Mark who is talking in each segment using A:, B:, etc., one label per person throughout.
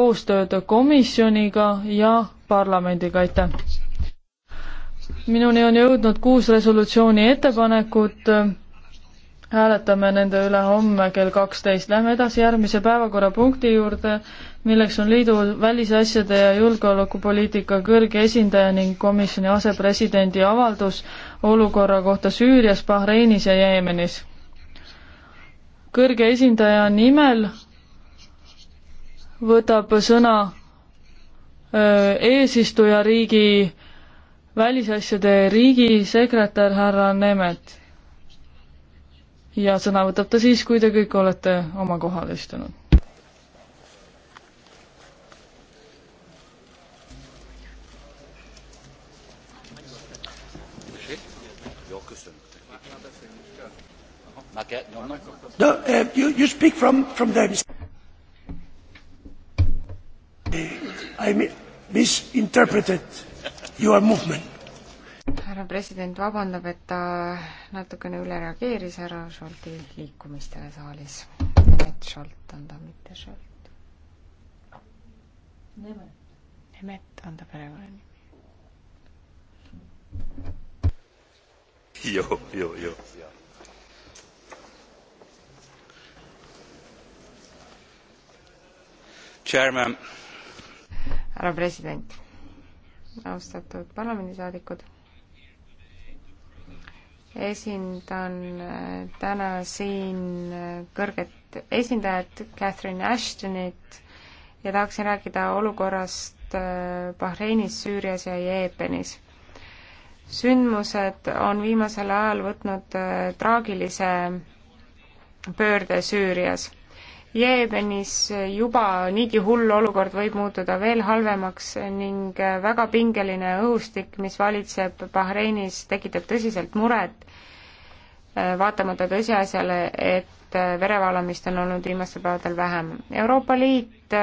A: koostööd komisjoniga ja parlamendiga, aitäh! minuni on jõudnud kuus resolutsiooni ettepanekut, hääletame nende üle homme kell kaksteist. Lähme edasi järgmise päevakorrapunkti juurde, milleks on liidu välisasjade ja julgeolekupoliitika kõrge esindaja ning komisjoni asepresidendi avaldus olukorra kohta Süürias, Bahreinis ja Jeemenis. kõrge esindaja nimel võtab sõna eesistujariigi välisasjade riigisekretär härra Nemet. ja sõna võtab ta siis, kui te kõik olete oma kohale istunud. No, uh, you, you
B: speak from, from there, Mr. I misinterpreted your movement.
C: härra president vabandab, et ta natukene üle reageeris härra Scholti liikumistele saalis. Nemet Scholt on ta, mitte Scholt. Nemet. Nemet on ta perekonnanimi.
D: joo, joo, joo. Chairman
C: härra president, austatud parlamendisaadikud, esindan äh, täna siin äh, kõrget esindajat Catherine Ashtonit ja tahaksin rääkida olukorrast äh, Bahreinis, Süürias ja Jeepenis sündmused on viimasel ajal võtnud traagilise pöörde Süürias. Jeemenis juba niigi hull olukord võib muutuda veel halvemaks ning väga pingeline õhustik, mis valitseb Bahreinis, tekitab tõsiselt muret, vaatamata tõsiasjale, et verevalamist on olnud viimastel päevadel vähem. Euroopa Liit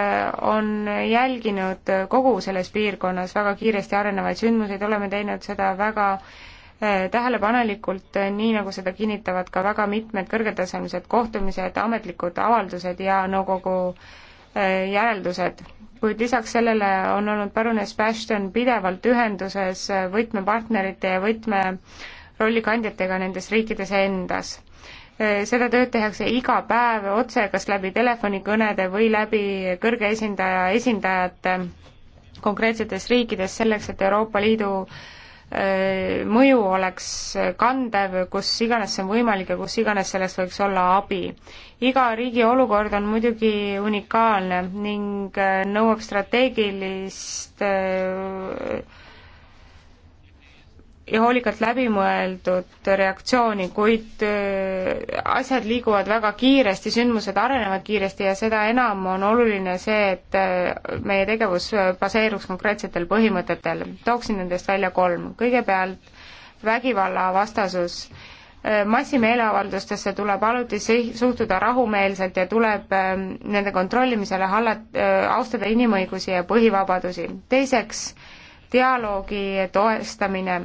C: on jälginud kogu selles piirkonnas väga kiiresti arenevaid sündmuseid, oleme teinud seda väga Eh, tähelepanelikult, eh, nii nagu seda kinnitavad ka väga mitmed kõrgetasemelised kohtumised, ametlikud avaldused ja nõukogu eh, järeldused. kuid lisaks sellele on olnud parunes Bastion pidevalt ühenduses võtmepartnerite ja võtmerollikandjatega nendes riikides endas. seda tööd tehakse iga päev otse, kas läbi telefonikõnede või läbi kõrge esindaja esindajate konkreetsetes riikides selleks, et Euroopa Liidu äh, Äh, mõju oleks kandev, kus iganes see on võimalik ja kus iganes sellest võiks olla abi. iga riigi olukord on muidugi unikaalne ning äh, nõuab strateegilist äh, ja hoolikalt läbimõeldud reaktsiooni, kuid äh, asjad liiguvad väga kiiresti, sündmused arenevad kiiresti ja seda enam on oluline see, et äh, meie tegevus baseeruks konkreetsetel põhimõtetel. tooksin nendest välja kolm. kõigepealt vägivallavastasus. Äh, massimeeleavaldustesse tuleb alati suhtuda rahumeelselt ja tuleb ähm, nende kontrollimisele hallat-, austada inimõigusi ja põhivabadusi. teiseks, dialoogi toestamine.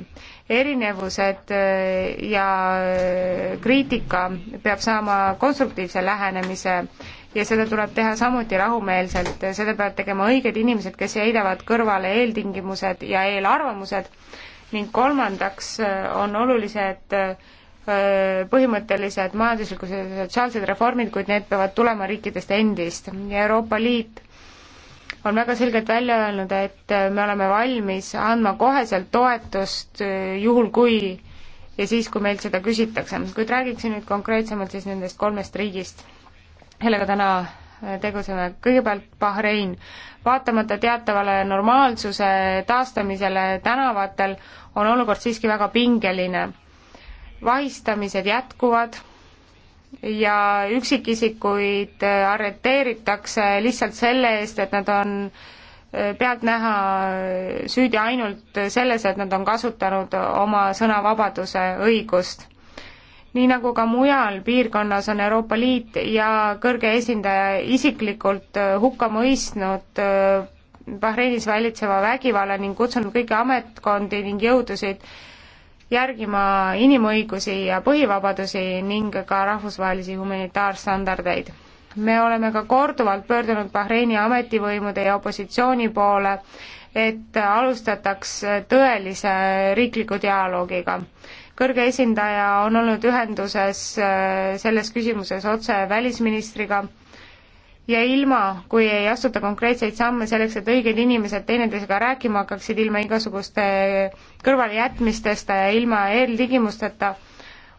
C: erinevused äh, ja äh, kriitika peab saama konstruktiivse lähenemise ja seda tuleb teha samuti rahumeelselt, seda peavad tegema õiged inimesed, kes heidavad kõrvale eeltingimused ja eelarvamused ning kolmandaks äh, on olulised põhimõttelised majanduslikud ja sotsiaalsed reformid, kuid need peavad tulema riikidest endist ja Euroopa Liit on väga selgelt välja öelnud, et me oleme valmis andma koheselt toetust äh, juhul, kui ja siis, kui meilt seda küsitakse. kuid räägiksin nüüd konkreetsemalt siis nendest kolmest riigist, kellega täna äh, tegutseme. kõigepealt Bahrein. vaatamata teatavale normaalsuse taastamisele tänavatel on olukord siiski väga pingeline. vahistamised jätkuvad ja üksikisikuid äh, arreteeritakse lihtsalt selle eest, et nad on äh, pealtnäha äh, süüdi ainult selles, et nad on kasutanud oma sõnavabaduse õigust. nii nagu ka mujal piirkonnas on Euroopa Liit ja kõrge esindaja isiklikult hukka mõistnud Bahreinis valitseva vägivalla ning kutsunud kõiki ametkondi ning jõudusid järgima inimõigusi ja põhivabadusi ning ka rahvusvahelisi humanitaarstandardeid. me oleme ka korduvalt pöördunud Bahreini ametivõimude ja opositsiooni poole, et alustataks tõelise riikliku dialoogiga. kõrge esindaja on olnud ühenduses äh, selles küsimuses otse välisministriga ja ilma, kui ei astuta konkreetseid samme selleks, et õiged inimesed teineteisega rääkima hakkaksid ilma igasuguste kõrvalejätmistest ja ilma eeltingimusteta,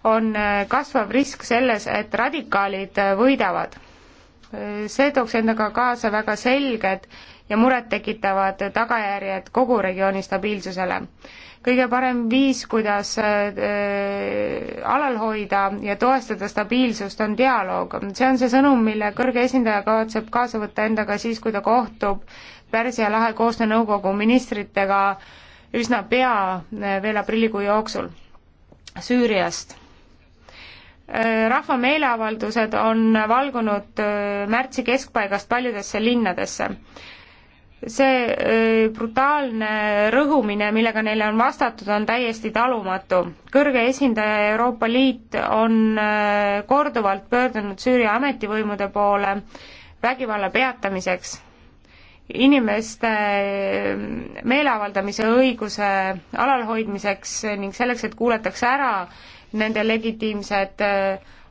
C: on äh, kasvav risk selles, et radikaalid äh, võidavad. Äh, see tooks endaga kaasa väga selged ja murettekitavad tagajärjed kogu regiooni stabiilsusele. kõige parem viis, kuidas äh, alal hoida ja toestada stabiilsust, on dialoog. see on see sõnum, mille kõrge esindaja kavatseb kaasa võtta endaga siis, kui ta kohtub Pärsia lahe koostöönõukogu ministritega üsna pea, äh, veel aprillikuu jooksul Süüriast äh, rahva meeleavaldused on valgunud märtsi keskpaigast paljudesse linnadesse see äh, brutaalne rõhumine, millega neile on vastatud, on täiesti talumatu. kõrge esindaja Euroopa Liit on äh, korduvalt pöördunud Süüria ametivõimude poole vägivalla peatamiseks, inimeste äh, meeleavaldamise õiguse alalhoidmiseks ning selleks, et kuulatakse ära nende legitiimsed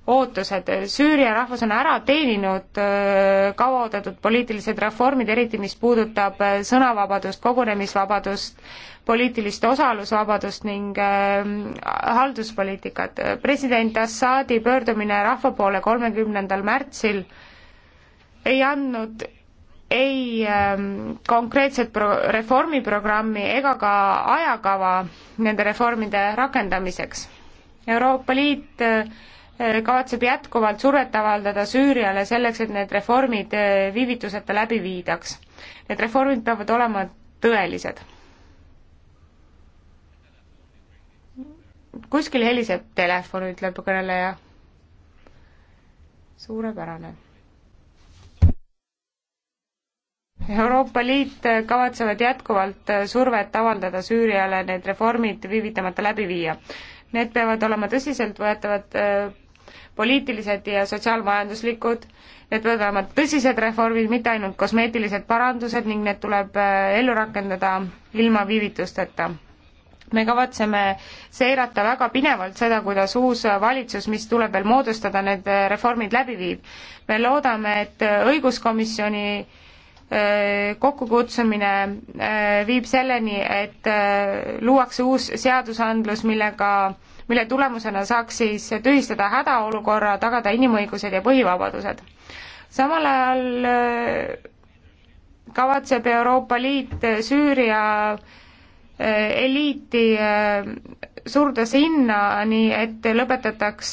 C: ootused. Süüria rahvas on ära teeninud äh, kauaoodatud poliitilised reformid, eriti mis puudutab äh, sõnavabadust, kogunemisvabadust, poliitilist osalusvabadust ning äh, halduspoliitikat. president Assadi pöördumine rahva poole kolmekümnendal märtsil ei andnud ei ähm, konkreetset pro-, reformiprogrammi ega ka ajakava nende reformide rakendamiseks. Euroopa Liit äh, Äh, kavatseb jätkuvalt survet avaldada Süüriale selleks, et need reformid äh, viivituseta läbi viidaks. Need reformid peavad olema tõelised. kuskil heliseb telefon, ütleb kõneleja. suurepärane Euroopa Liit äh, kavatsevad jätkuvalt survet avaldada Süüriale need reformid viivitamata läbi viia. Need peavad olema tõsiseltvõetavad poliitilised ja sotsiaalmajanduslikud, need peavad olema tõsised reformid, mitte ainult kosmeetilised parandused ning need tuleb äh, ellu rakendada ilma viivitusteta me kavatseme seirata väga pinevalt seda, kuidas uus valitsus, mis tuleb veel moodustada, need äh, reformid läbi viib. me loodame, et äh, õiguskomisjoni kokkukutsumine viib selleni, et luuakse uus seadusandlus, millega mille tulemusena saaks siis tühistada hädaolukorra, tagada inimõigused ja põhivabadused. samal ajal äh, kavatseb Euroopa Liit äh, Süüria äh, eliiti surda sinnani, et lõpetataks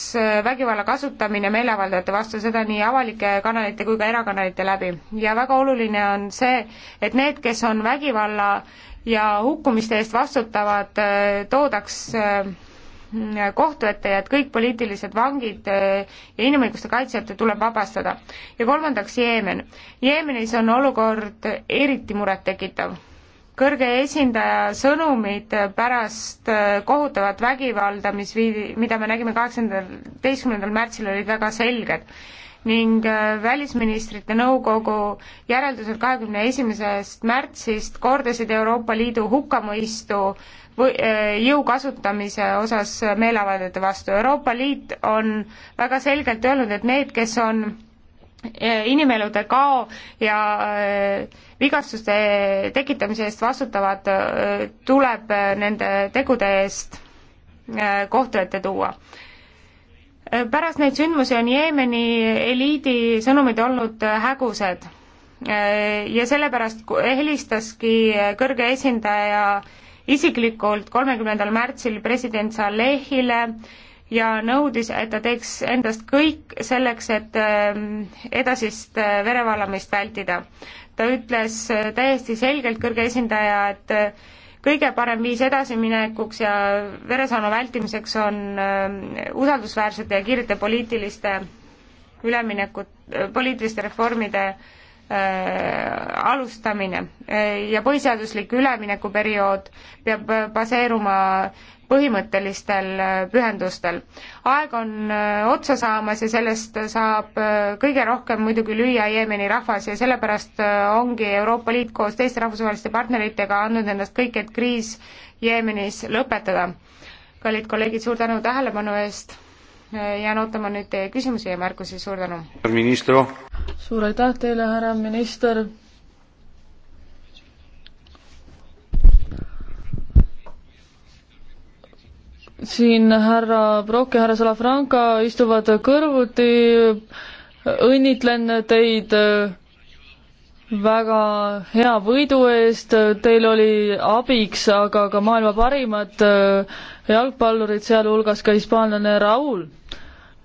C: vägivalla kasutamine meeleavaldajate vastu, seda nii avalike kanalite kui ka erakanalite läbi. ja väga oluline on see, et need, kes on vägivalla ja hukkumiste eest vastutavad, toodaks kohtu ette ja et kõik poliitilised vangid eh, ja inimõiguste kaitsjad tuleb vabastada. ja kolmandaks Jeemen. Jeemenis on olukord eriti murettekitav. kõrge esindaja sõnumid pärast eh, kohutavat vägivalda, mis viidi, mida me nägime kaheksandal, teistkümnendal märtsil, olid väga selged ning eh, Välisministrite Nõukogu järeldused kahekümne esimesest märtsist kordasid Euroopa Liidu hukkamõistu äh, Äh, jõu kasutamise osas meeleavaldajate vastu. Euroopa Liit on väga selgelt öelnud, et need, kes on äh, inimelude kao ja äh, vigastuste tekitamise eest vastutavad, tuleb nende tegude eest kohtu ette tuua pärast neid sündmusi on Jeemeni eliidi sõnumid olnud hägused ja sellepärast helistaski kõrge esindaja isiklikult kolmekümnendal märtsil president Salehile ja nõudis, et ta teeks endast kõik selleks, et ähm, edasist äh, verevallamist vältida. ta ütles äh, täiesti selgelt, kõrge esindaja, et äh, kõige parem viis edasiminekuks ja veresauna vältimiseks on ähm, usaldusväärsete ja kiirete poliitiliste üleminekut, poliitiliste reformide Äh, alustamine äh, ja põhiseaduslik üleminekuperiood peab baseeruma põhimõttelistel äh, pühendustel. aeg on otsa saamas ja sellest saab kõige rohkem muidugi lüüa Jeemeni rahvas ja sellepärast ongi Euroopa Liit koos teiste rahvusvaheliste partneritega andnud endast kõik, et kriis Jeemenis lõpetada. kallid kolleegid, suur tänu tähelepanu eest jään ootama nüüd teie küsimusi ja märkusi,
A: suur tänu! suur aitäh teile, härra minister! siin härra Brock ja härra Salafranca istuvad kõrvuti, õnnitlen teid väga hea võidu eest, teil oli abiks aga ka maailma parimad eh, jalgpallurid, sealhulgas ka hispaanlane Raul.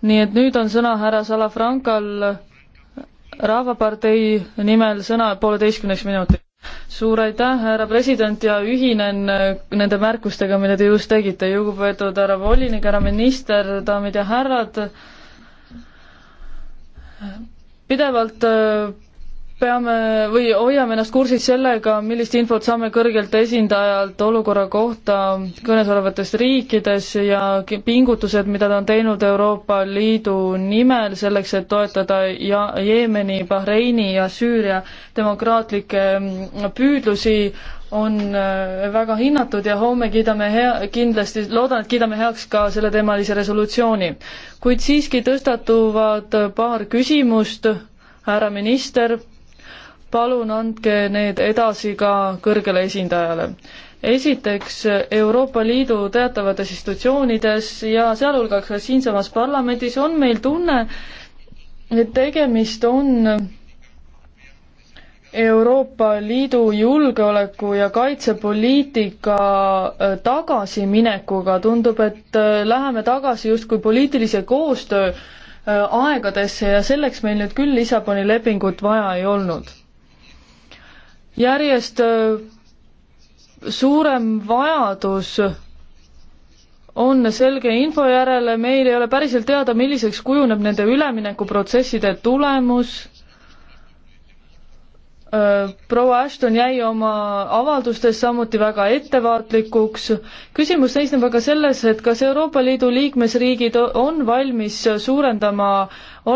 A: nii et nüüd on sõna härra Salafrankal Rahvapartei nimel sõna pooleteistkümneks minutiks. suur aitäh, härra president, ja ühinen eh, nende märkustega, mille te just tegite, lugupeetud härra volinik, härra minister, daamid ja härrad, pidevalt eh, peame või hoiame ennast kursis sellega, millist infot saame kõrgelt esindajalt olukorra kohta kõnesolevates riikides ja pingutused, mida ta on teinud Euroopa Liidu nimel selleks, et toetada ja Jeemeni, Bahreini ja Süüria demokraatlikke mm, püüdlusi, on äh, väga hinnatud ja homme kiidame hea, kindlasti, loodan, et kiidame heaks ka selleteemalise resolutsiooni. kuid siiski tõstatuvad paar küsimust, härra minister palun andke need edasi ka kõrgele esindajale. esiteks Euroopa Liidu teatavates institutsioonides ja sealhulgas ka siinsamas parlamendis on meil tunne, et tegemist on Euroopa Liidu julgeoleku ja kaitsepoliitika äh, tagasiminekuga, tundub, et äh, läheme tagasi justkui poliitilise koostöö äh, aegadesse ja selleks meil nüüd küll Lissaboni lepingut vaja ei olnud järjest äh, suurem vajadus on selge info järele, meil ei ole päriselt teada, milliseks kujuneb nende üleminekuprotsesside tulemus Äh, proua Ashton jäi oma avaldustes samuti väga ettevaatlikuks. küsimus seisneb aga selles, et kas Euroopa Liidu liikmesriigid on valmis suurendama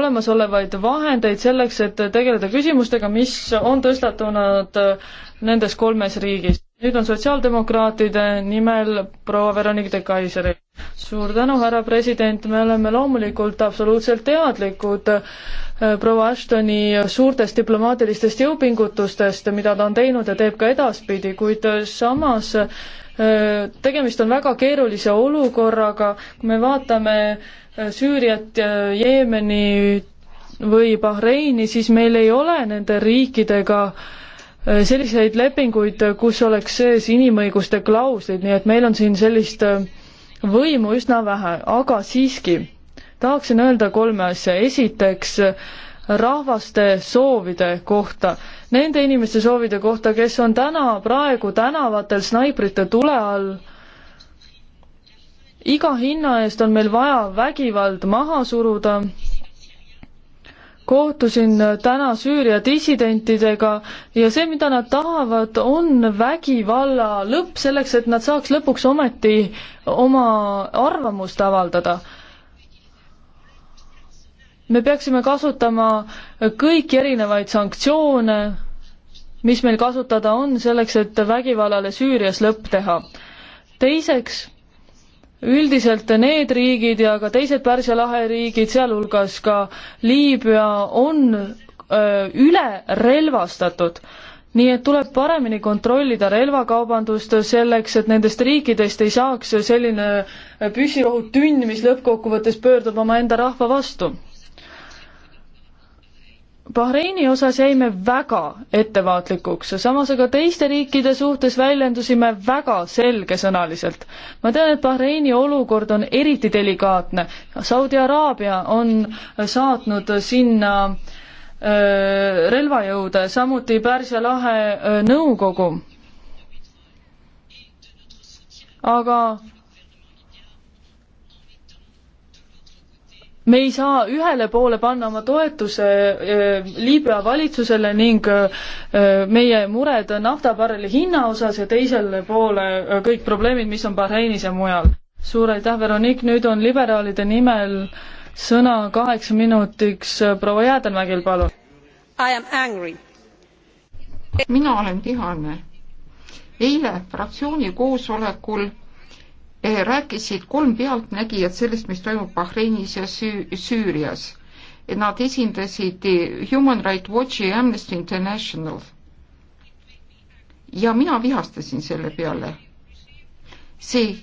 A: olemasolevaid vahendeid selleks, et tegeleda küsimustega, mis on tõstatunud nendes kolmes riigis nüüd on sotsiaaldemokraatide nimel proua Veronique de Kaiseri. suur tänu, härra president, me oleme loomulikult absoluutselt teadlikud äh, proua Ashtoni suurtest diplomaatilistest jõupingutustest, mida ta on teinud ja teeb ka edaspidi, kuid äh, samas äh, tegemist on väga keerulise olukorraga, kui me vaatame Süüriat, Jeemeni või Bahreini, siis meil ei ole nende riikidega äh, Äh, selliseid lepinguid, äh, kus oleks sees inimõiguste klauslid, nii et meil on siin sellist äh, võimu üsna vähe, aga siiski tahaksin öelda kolme asja. esiteks, rahvaste soovide kohta, nende inimeste soovide kohta, kes on täna, praegu tänavatel snaibrite tule all. iga hinna eest on meil vaja vägivald maha suruda kohtusin äh, täna Süüria dissidentidega ja see, mida nad tahavad, on vägivalla lõpp selleks, et nad saaks lõpuks ometi oma arvamust avaldada. me peaksime kasutama kõiki erinevaid sanktsioone, mis meil kasutada on, selleks et vägivallale Süürias lõpp teha. teiseks üldiselt need riigid ja ka teised Pärsia lahe riigid, sealhulgas ka Liibüa, on ülerelvastatud. nii et tuleb paremini kontrollida relvakaubandust selleks, et nendest riikidest ei saaks selline püssirohutünn, mis lõppkokkuvõttes pöördub omaenda rahva vastu Bahreini osas jäime väga ettevaatlikuks ja samas aga teiste riikide suhtes väljendusime väga selgesõnaliselt. ma tean, et Bahreini olukord on eriti delikaatne. Saudi Araabia on saatnud sinna öö, relvajõude, samuti Pärsia lahe öö, nõukogu. aga me ei saa ühele poole panna oma toetuse eh, Liibüa valitsusele ning eh, meie mured naftabarreli hinna osas ja teisele poole eh, kõik probleemid, mis on Bahreinis ja mujal. suur aitäh, Veronique, nüüd on liberaalide nimel sõna kaheks minutiks proua Jäädenmägil, palun. mina olen
D: vihane. eile fraktsiooni koosolekul rääkisid kolm pealtnägijat sellest, mis toimub Bahreinis ja Süü-, Süürias. Nad esindasid Human Rights Watchi ja Amnesty International. ja mina vihastasin selle peale. see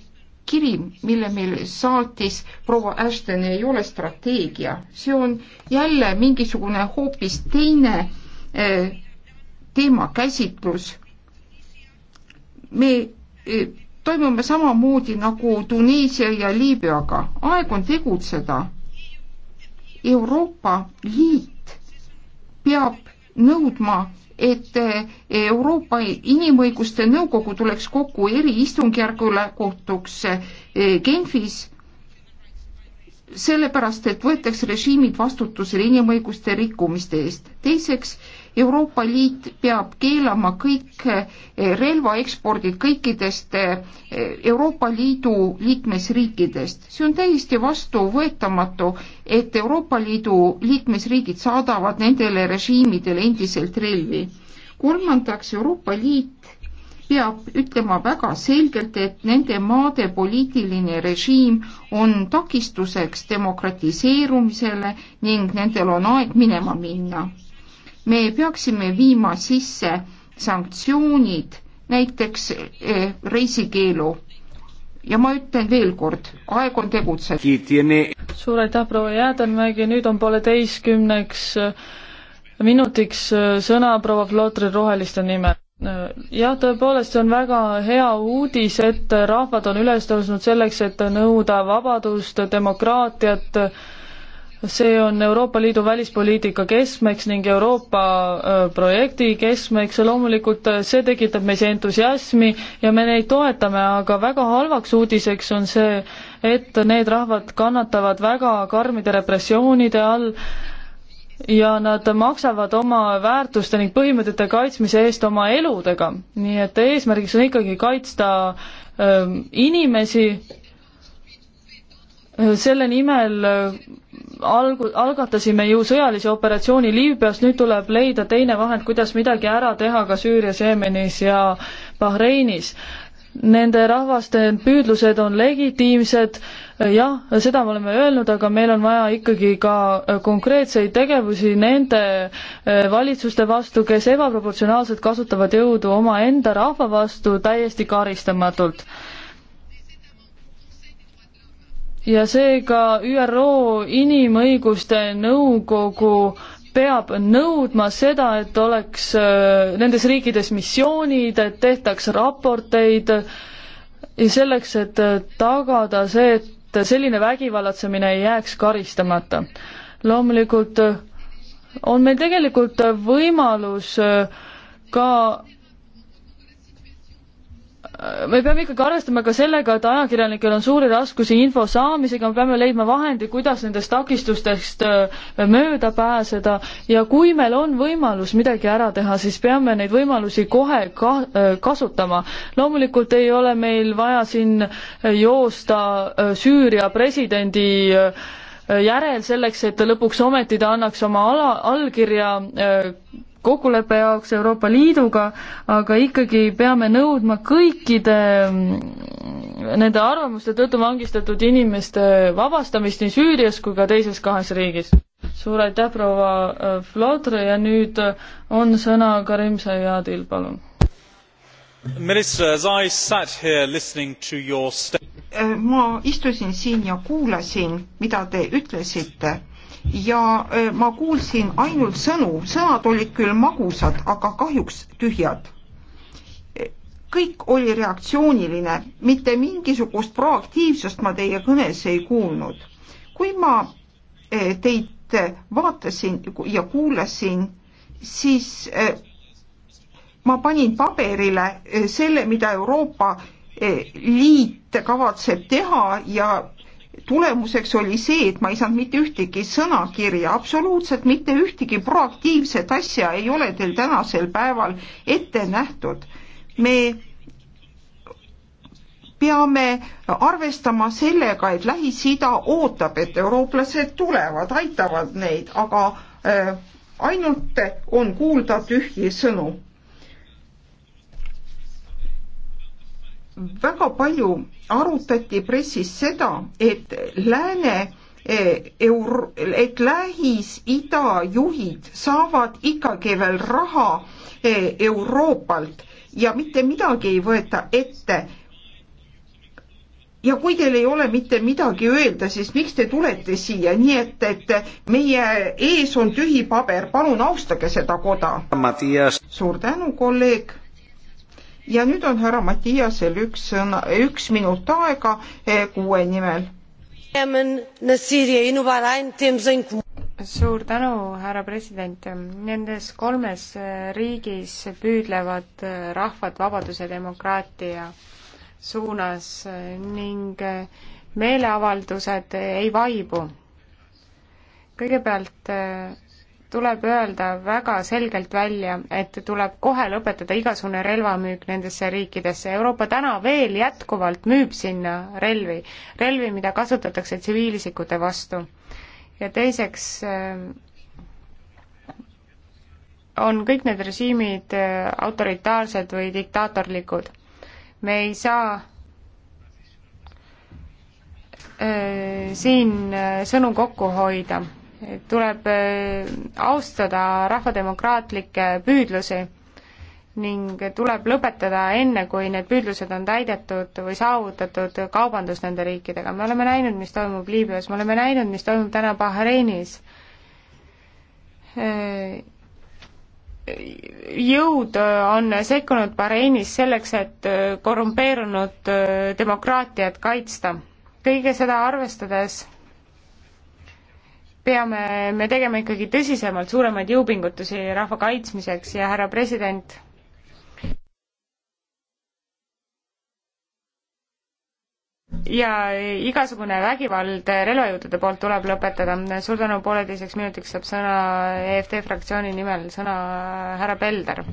D: kiri, mille meil saatis proua Ashton, ei ole strateegia, see on jälle mingisugune hoopis teine eh, teemakäsitlus. me eh, toimume samamoodi nagu Tuneesia ja Liibüaga. aeg on tegutseda. Euroopa Liit peab nõudma, et eh, Euroopa Inimõiguste Nõukogu tuleks kokku eriistungjärgule, kohtuks eh, Genfis, sellepärast et võetaks režiimid vastutusele inimõiguste rikkumiste eest. teiseks Euroopa Liit peab keelama kõik eh, relvaekspordid kõikidest eh, Euroopa Liidu liikmesriikidest. see on täiesti vastuvõetamatu, et Euroopa Liidu liikmesriigid saadavad nendele režiimidele endiselt relvi. kolmandaks, Euroopa Liit peab ütlema väga selgelt, et nende maade poliitiline režiim on takistuseks demokratiseerumisele ning nendel on aeg minema minna me peaksime viima sisse sanktsioonid, näiteks eh, reisikeelu. ja ma ütlen veel kord, aeg on tegutseda.
A: suur aitäh, proua Jäädenmägi, nüüd on pooleteistkümneks eh, minutiks eh, sõna proua Flotri Roheliste nimel jah, tõepoolest, see on väga hea uudis, et rahvad on üles tõusnud selleks, et nõuda vabadust, demokraatiat, see on Euroopa Liidu välispoliitika keskmeks ning Euroopa äh, projekti keskmeks ja loomulikult äh, see tekitab meis entusiasmi ja me neid toetame, aga väga halvaks uudiseks on see, et need rahvad kannatavad väga karmide repressioonide all ja nad maksavad oma väärtuste ning põhimõtete kaitsmise eest oma eludega. nii et eesmärgiks on ikkagi kaitsta öö, ähm, inimesi selle nimel äh, algu-, algatasime ju sõjalise operatsiooni Liibüas, nüüd tuleb leida teine vahend, kuidas midagi ära teha ka Süürias, Jeemenis ja Bahreinis. Nende rahvaste püüdlused on legitiimsed, jah, seda me oleme öelnud, aga meil on vaja ikkagi ka konkreetseid tegevusi nende eh, valitsuste vastu, kes ebaproportsionaalselt kasutavad jõudu omaenda rahva vastu täiesti karistamatult ja seega ÜRO Inimõiguste Nõukogu peab nõudma seda, et oleks äh, nendes riikides missioonid, et tehtaks raporteid ja selleks, et äh, tagada see, et selline vägivallatsemine ei jääks karistamata. loomulikult äh, on meil tegelikult võimalus ka me peame ikkagi arvestama ka sellega, et ajakirjanikel on suuri raskusi info saamisega, me peame leidma vahendi, kuidas nendest takistustest äh, mööda pääseda ja kui meil on võimalus midagi ära teha, siis peame neid võimalusi kohe ka äh, kasutama. loomulikult ei ole meil vaja siin äh, joosta Süüria presidendi järel selleks, et lõpuks ometi ta annaks oma ala, allkirja kokkuleppe jaoks Euroopa Liiduga, aga ikkagi peame nõudma kõikide mm, nende arvamuste tõttu vangistatud inimeste vabastamist nii Süürias kui ka teises kahes riigis. suur aitäh, proua äh, Flodre ja nüüd on sõna Karim Sayadil, palun.
D: Minister, as I sat here listening to your
A: äh,
D: ma istusin siin ja kuulasin, mida te ütlesite ja ma kuulsin ainult sõnu, sõnad olid küll magusad, aga kahjuks tühjad. E, kõik oli reaktsiooniline, mitte mingisugust proaktiivsust ma teie kõnes ei kuulnud. kui ma e, teid vaatasin ja kuulasin, siis e, ma panin paberile selle, mida Euroopa Liit kavatseb teha ja tulemuseks oli see, et ma ei saanud mitte ühtegi sõnakirja, absoluutselt mitte ühtegi proaktiivset asja ei ole teil tänasel päeval ette nähtud. me peame arvestama sellega, et Lähis-Ida ootab, et eurooplased tulevad, aitavad neid, aga äh, ainult on kuulda tühji sõnu väga palju arutati pressis seda, et lääne e, Euro-, et Lähis-Ida juhid saavad ikkagi veel raha e, Euroopalt ja mitte midagi ei võeta ette. ja kui teil ei ole mitte midagi öelda, siis miks te tulete siia, nii et, et meie ees on tühi paber, palun austage seda koda. suur tänu, kolleeg ja nüüd on härra Mattiasel üks sõna, üks minut aega eh, kuue nimel. suur
C: tänu, härra president. Nendes kolmes eh, riigis püüdlevad eh, rahvad vabaduse demokraatia suunas ning meeleavaldused ei vaibu. kõigepealt tuleb öelda väga selgelt välja, et tuleb kohe lõpetada igasugune relvamüük nendesse riikidesse. Euroopa täna veel jätkuvalt müüb sinna relvi, relvi, mida kasutatakse tsiviilisikute vastu. ja teiseks äh, on kõik need režiimid äh, autoritaarsed või diktaatorlikud. me ei saa äh, siin sõnu kokku hoida tuleb äh, austada rahvademokraatlikke püüdlusi ning tuleb lõpetada enne, kui need püüdlused on täidetud või saavutatud, kaubandus nende riikidega. me oleme näinud, mis toimub Liibüas, me oleme näinud, mis toimub täna Bahreinis. Äh, jõud on sekkunud Bahreinis selleks, et korrumpeerunud äh, demokraatiat kaitsta. kõige seda arvestades peame me tegema ikkagi tõsisemalt suuremaid jõupingutusi rahva kaitsmiseks ja härra president, ja igasugune vägivald relvajõudude poolt tuleb lõpetada. suur tänu, pooleteiseks minutiks saab sõna EFT fraktsiooni nimel sõna härra Pelder.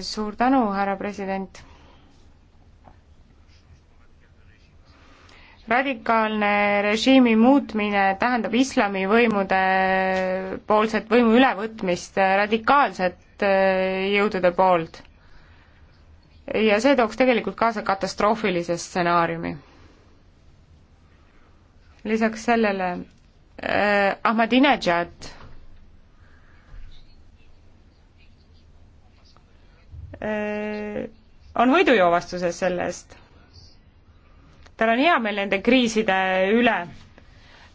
C: suur tänu, härra president radikaalne režiimi muutmine tähendab islamivõimude poolset võimu ülevõtmist radikaalset äh, jõudude poolt. ja see tooks tegelikult kaasa katastroofilise stsenaariumi. lisaks sellele eh, Ahmadinejad eh, on võidujoovastuses selle eest tal on hea meel nende kriiside üle,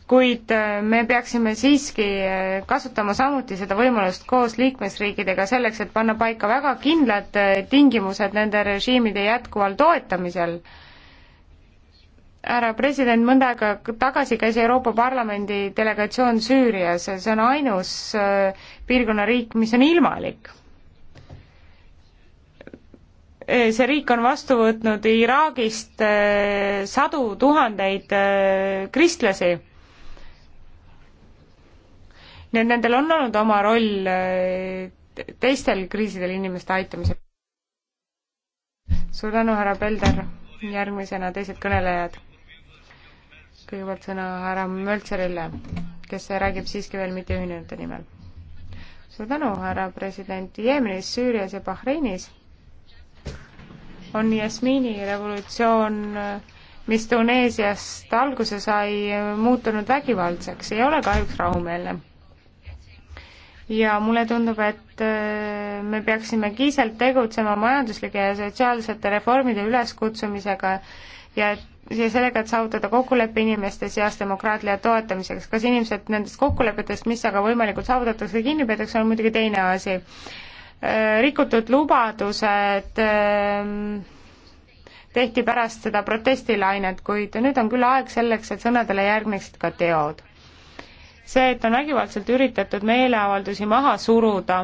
C: kuid äh, me peaksime siiski äh, kasutama samuti seda võimalust koos liikmesriikidega selleks, et panna paika väga kindlad äh, tingimused nende režiimide jätkuval toetamisel härra president, mõnda aega tagasi käis Euroopa Parlamendi delegatsioon Süürias, see on ainus piirkonna riik, mis on ilmalik. Eh, see riik on vastu võtnud Iraagist eh, sadu tuhandeid eh, kristlasi. nii et nendel on olnud oma roll teistel kriisidel inimeste aitamisel. suur tänu, härra Pelder, järgmisena teised kõnelejad. kõigepealt sõna härra Möltserile, kes räägib siiski veel mitteühinenute nimel. suur tänu, härra president, Jeemenis, Süürias ja Bahreinis on Jasmini revolutsioon, mis Tuneesiast alguse sai, muutunud vägivaldseks, ei ole kahjuks rahumeelne. ja mulle tundub, et äh, me peaksime kiiselt tegutsema majanduslike ja sotsiaalsete reformide üleskutsumisega ja et ja sellega, et saavutada kokkulepe inimeste seas demokraatia toetamiseks. kas inimesed nendest kokkulepetest, mis aga võimalikult saavutatakse, kinni peetakse, on muidugi teine asi. Äh, rikutud lubadused ähm, tehti pärast seda protestilainet, kuid nüüd on küll aeg selleks, et sõnadele järgneksid ka teod. see, et on vägivaldselt üritatud meeleavaldusi maha suruda,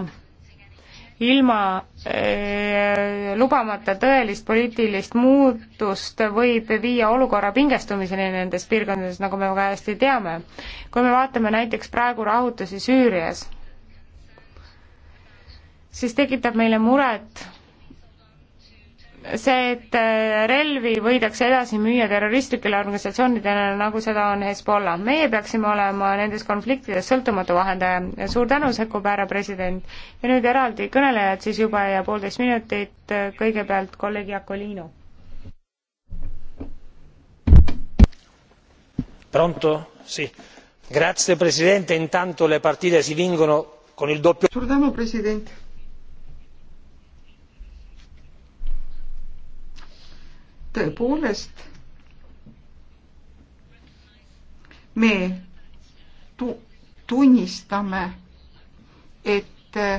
C: ilma äh, lubamata tõelist poliitilist muutust võib viia olukorra pingestumiseni nendes piirkondades, nagu me väga hästi teame. kui me vaatame näiteks praegu rahutusi Süürias siis tekitab meile muret see, et äh, relvi võidakse edasi müüa terroristlikele organisatsioonidele, nagu seda on Hezbollah. meie peaksime olema nendes konfliktides sõltumatu vahendaja. suur tänu, sekkub härra president. ja nüüd eraldi kõnelejad siis juba ja poolteist minutit, kõigepealt kolleeg Jakolino.
D: Pronto? Sì. Si. Grazie Presidente, intanto le partite si vincono con il doppio... Suur tänu, president tõepoolest me tu tunnistame, et ehm,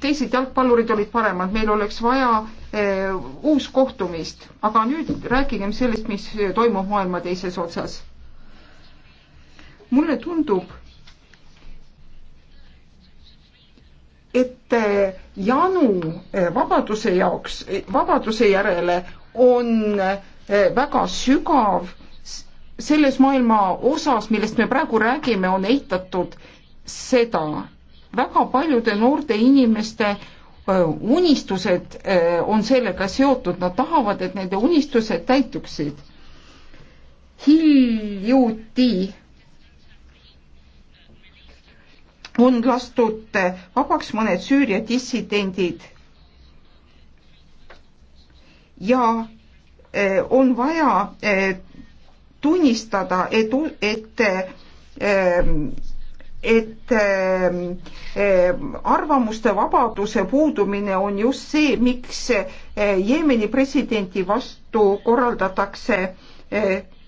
D: teised jalgpallurid olid paremad, meil oleks vaja eh, uus kohtumist, aga nüüd rääkigem sellest, mis toimub maailma teises otsas. mulle tundub, et eh, janu eh, vabaduse jaoks, eh, vabaduse järele on väga sügav selles maailma osas, millest me praegu räägime, on eitatud seda. väga paljude noorte inimeste unistused on sellega seotud, nad tahavad, et nende unistused täituksid. hiljuti on lastud vabaks mõned Süüria dissidendid ja e, on vaja e, tunnistada, et, et e, et arvamuste vabaduse puudumine on just see, miks Jeemeni presidenti vastu korraldatakse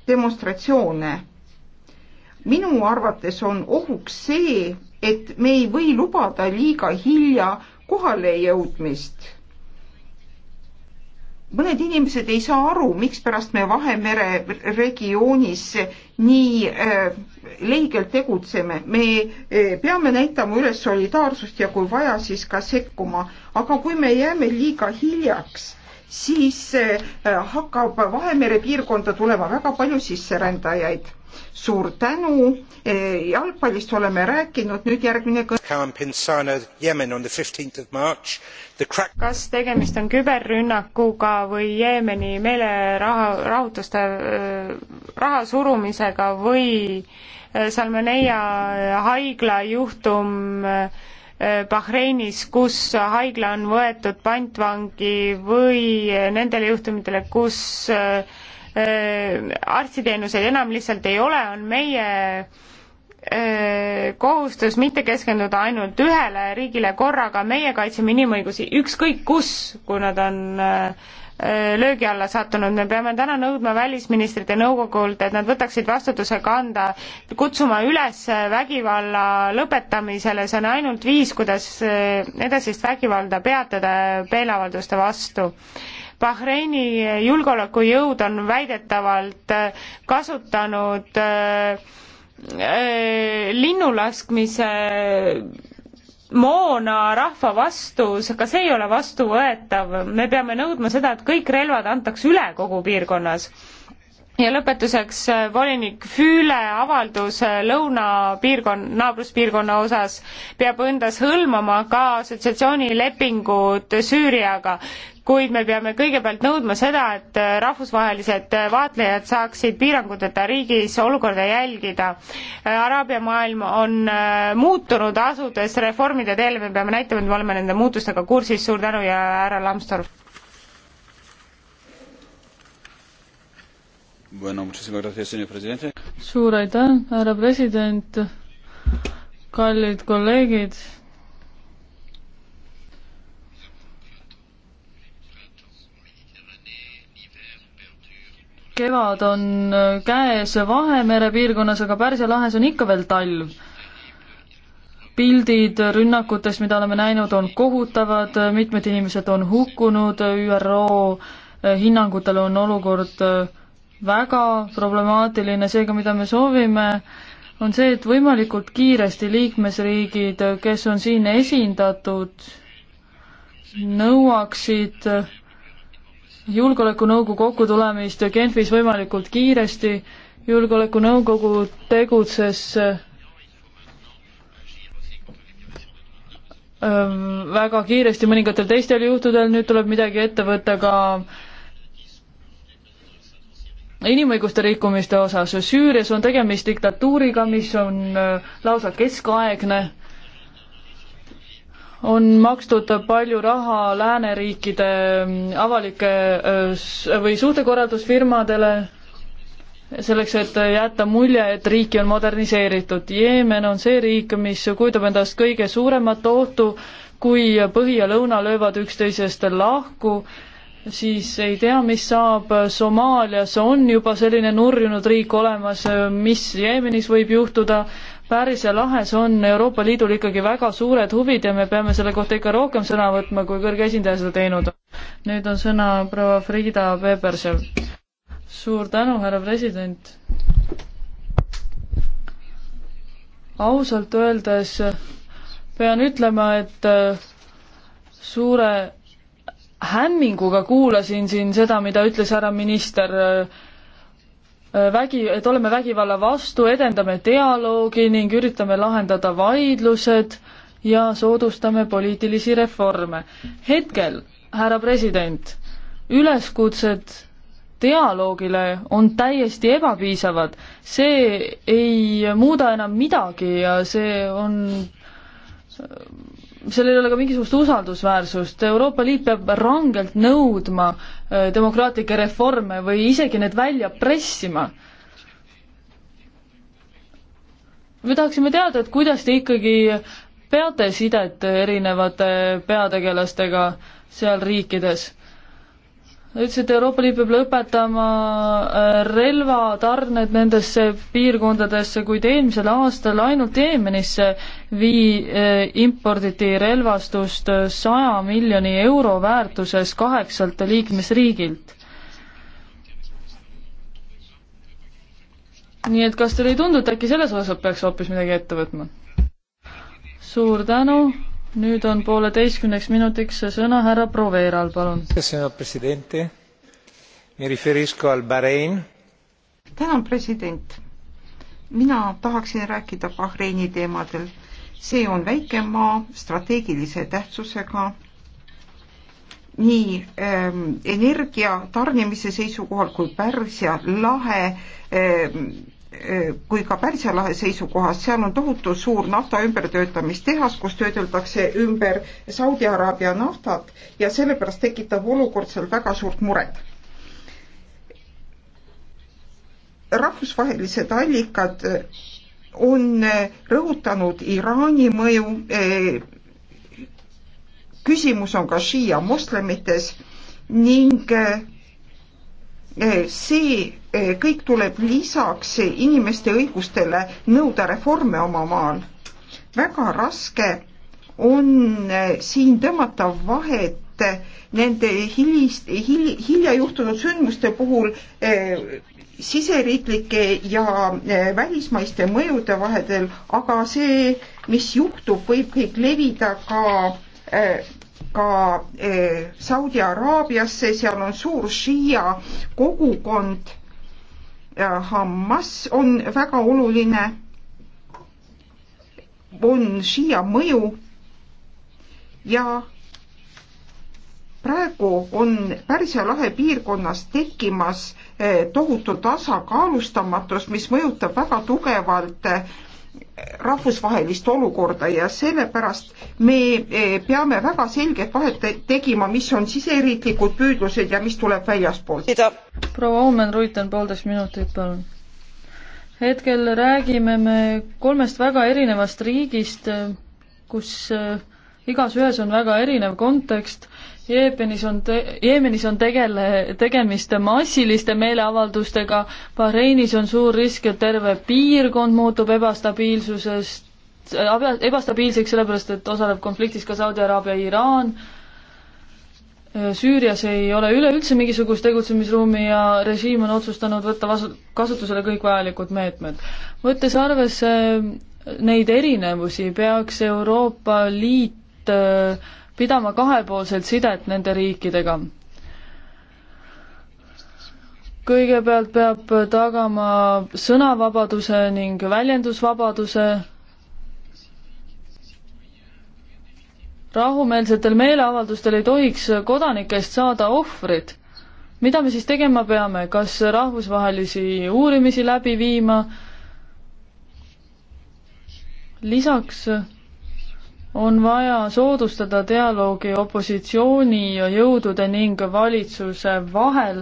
D: demonstratsioone. minu arvates on ohuks see, et me ei või lubada liiga hilja kohale jõudmist. mõned inimesed ei saa aru, mikspärast me Vahemere regioonis nii äh, leigelt tegutseme. me äh, peame näitama üles solidaarsust ja kui vaja, siis ka sekkuma, aga kui me jääme liiga hiljaks siis äh, hakkab Vahemere piirkonda tulema väga palju sisserändajaid. suur tänu, äh, jalgpallist oleme rääkinud, nüüd järgmine kõne.
C: kas tegemist on küberrünnakuga või Jeemeni meeleraha, rahutuste äh, raha surumisega või Salmeneia haigla juhtum äh, Bahreinis, kus haigla on võetud pantvangi või nendele juhtumitele, kus äh, arstiteenuseid enam lihtsalt ei ole, on meie äh, kohustus mitte keskenduda ainult ühele riigile korraga, meie kaitseme inimõigusi ükskõik kus, kui nad on äh, Äh, löögi alla sattunud, me peame täna nõudma välisministrite nõukogult, et nad võtaksid vastutuse kanda, kutsuma üles vägivalla lõpetamisele, see on ainult viis, kuidas äh, edasist vägivalda peatada meeleavalduste vastu. Bahreini julgeolekujõud on väidetavalt äh, kasutanud linnulaskmise moona rahva vastu, ka see ei ole vastuvõetav. me peame nõudma seda, et kõik relvad antaks üle kogu piirkonnas ja lõpetuseks äh, volinik Füüle avaldus äh, lõunapiirkonna, naabruspiirkonna osas peab endas hõlmama ka assotsiatsioonilepingut Süüriaga, kuid me peame kõigepealt nõudma seda, et äh, rahvusvahelised vaatlejad saaksid piiranguteta riigis olukorda jälgida. Araabia maailm on muutunud, asudes reformide teele, me peame näitama, et me oleme nende muutustega kursis, suur tänu ja härra Lambsdorff!
A: Bueno, muchísimas gracias, señor presidente. suur aitäh, härra president, kallid kolleegid. kevad on käes Vahemere piirkonnas, aga Pärsia lahes on ikka veel talv pildid rünnakutest, mida oleme näinud, on kohutavad, mitmed inimesed on hukkunud, ÜRO hinnangutel on olukord äh, väga problemaatiline, seega mida me soovime, on see, et võimalikult kiiresti liikmesriigid, kes on siin esindatud, nõuaksid julgeolekunõukogu kokkutulemist Genfis võimalikult kiiresti, julgeolekunõukogu tegutses ähm, väga kiiresti mõningatel teistel juhtudel, nüüd tuleb midagi ette võtta ka äh, inimõiguste rikkumiste osas. Süürias on tegemist diktatuuriga, mis on äh, lausa keskaegne. on makstud palju raha lääneriikide mm, avalike äh, või suhtekorraldusfirmadele selleks, et jätta mulje, et riiki on moderniseeritud. Jeemen on see riik, mis kujutab endast kõige suuremat ohtu, kui põhi ja lõuna löövad üksteisest lahku siis ei tea, mis saab, Somaalias on juba selline nurjunud riik olemas, mis Jeemenis võib juhtuda, Pärsia lahes on Euroopa Liidul ikkagi väga suured huvid ja me peame selle kohta ikka rohkem sõna võtma, kui kõrge esindaja seda teinud on. nüüd on sõna proua Frida Pebersev. suur tänu, härra president. ausalt öeldes pean ütlema, et äh, suure hämminguga kuulasin siin seda, mida ütles härra minister äh, äh, vägi, et oleme vägivalla vastu, edendame dialoogi ning üritame lahendada vaidlused ja soodustame poliitilisi reforme. hetkel, härra president, üleskutsed dialoogile on täiesti ebapiisavad, see ei muuda enam midagi ja see on sellel ei ole ka mingisugust usaldusväärsust, Euroopa Liit peab rangelt nõudma äh, demokraatlikke reforme või isegi need välja pressima. me tahaksime teada, et kuidas te ikkagi peate sidet erinevate peategelastega seal riikides ütles, et Euroopa Liit peab lõpetama äh, relvatarned nendesse piirkondadesse, kuid eelmisel aastal ainult Jeemenisse vii-, äh, imporditi relvastust äh, saja miljoni euro väärtuses kaheksalt liikmesriigilt. nii et kas teile ei tundu, et äkki selles osas peaks hoopis midagi ette võtma? suur tänu nüüd on pooleteistkümneks minutiks sõna härra Proveral, palun. tänan, president. mina tahaksin
D: rääkida Bahreini teemadel. see on väike maa strateegilise tähtsusega nii ähm, energia tarnimise seisukohalt kui Pärsia lahe ähm, Äh, kui ka Pärsia lahe seisukohast, seal on tohutu suur nafta ümbertöötlamistehas, kus töödeldakse ümber Saudi Araabia naftat ja sellepärast tekitab olukord seal väga suurt muret. rahvusvahelised allikad äh, on äh, rõhutanud Iraani mõju. küsimus on ka šiia moslemites ning Äh, see äh, kõik tuleb lisaks inimeste õigustele nõuda reforme oma maal. väga raske on äh, siin tõmmata vahet nende hilist, hil, hilja juhtunud sündmuste puhul eh, siseriiklike ja eh, välismaiste mõjude vahedel, aga see, mis juhtub, võib kõik levida ka eh, ka eh, Saudi Araabiasse, seal on suur šiia kogukond. Hamas on väga oluline, on šiia mõju ja praegu on Pärsia lahe piirkonnas tekkimas eh, tohutu tasakaalustamatus, mis mõjutab väga tugevalt eh, rahvusvahelist olukorda ja sellepärast me e, peame väga selget vahet tegema, mis on siseriiklikud püüdlused ja mis tuleb väljaspoolt.
A: proua Omen Ruiten, poolteist minutit, palun. hetkel räägime me kolmest väga erinevast riigist, kus e, igas ühes on väga erinev kontekst Jeemenis on te-, Jeemenis on tegele, tegemist massiliste meeleavaldustega, Bahreinis on suur risk, et terve piirkond muutub ebastabiilsusest, ebastabiilseks, sellepärast et osaleb konfliktis ka Saudi Araabia ja Iraan, Süürias ei ole üleüldse mingisugust tegutsemisruumi ja režiim on otsustanud võtta vasu-, kasutusele kõik vajalikud meetmed. võttes arvesse neid erinevusi, peaks Euroopa Liit äh, pidama kahepoolset sidet nende riikidega. kõigepealt peab tagama sõnavabaduse ning väljendusvabaduse. rahumeelsetel meeleavaldustel ei tohiks kodanikest saada ohvrid. mida me siis tegema peame, kas rahvusvahelisi uurimisi läbi viima? lisaks on vaja soodustada dialoogi opositsiooni ja jõudude ning valitsuse vahel,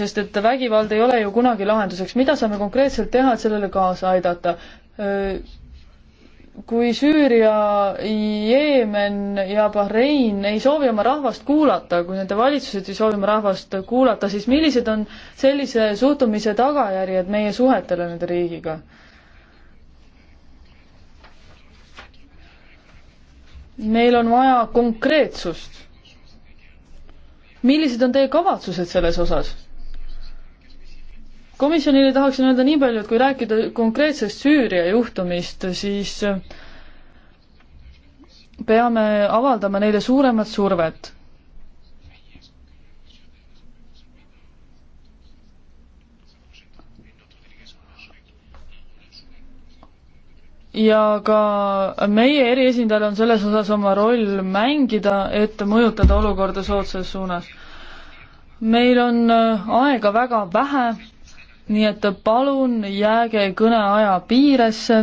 A: sest et vägivald ei ole ju kunagi lahenduseks. mida saame konkreetselt teha, et sellele kaasa aidata? kui Süüria, Jeemen ja Bahrein ei soovi oma rahvast kuulata, kui nende valitsused ei soovi oma rahvast kuulata, siis millised on sellise suhtumise tagajärjed meie suhetele nende riigiga? meil on vaja konkreetsust. millised on teie kavatsused selles osas? komisjonile tahaksin öelda nii palju, et kui rääkida konkreetsest Süüria juhtumist, siis peame avaldama neile suuremat survet ja ka meie eriesindajal on selles osas oma roll mängida, et mõjutada olukorda soodsas suunas. meil on äh, aega väga vähe, nii et palun jääge kõneaja piiresse.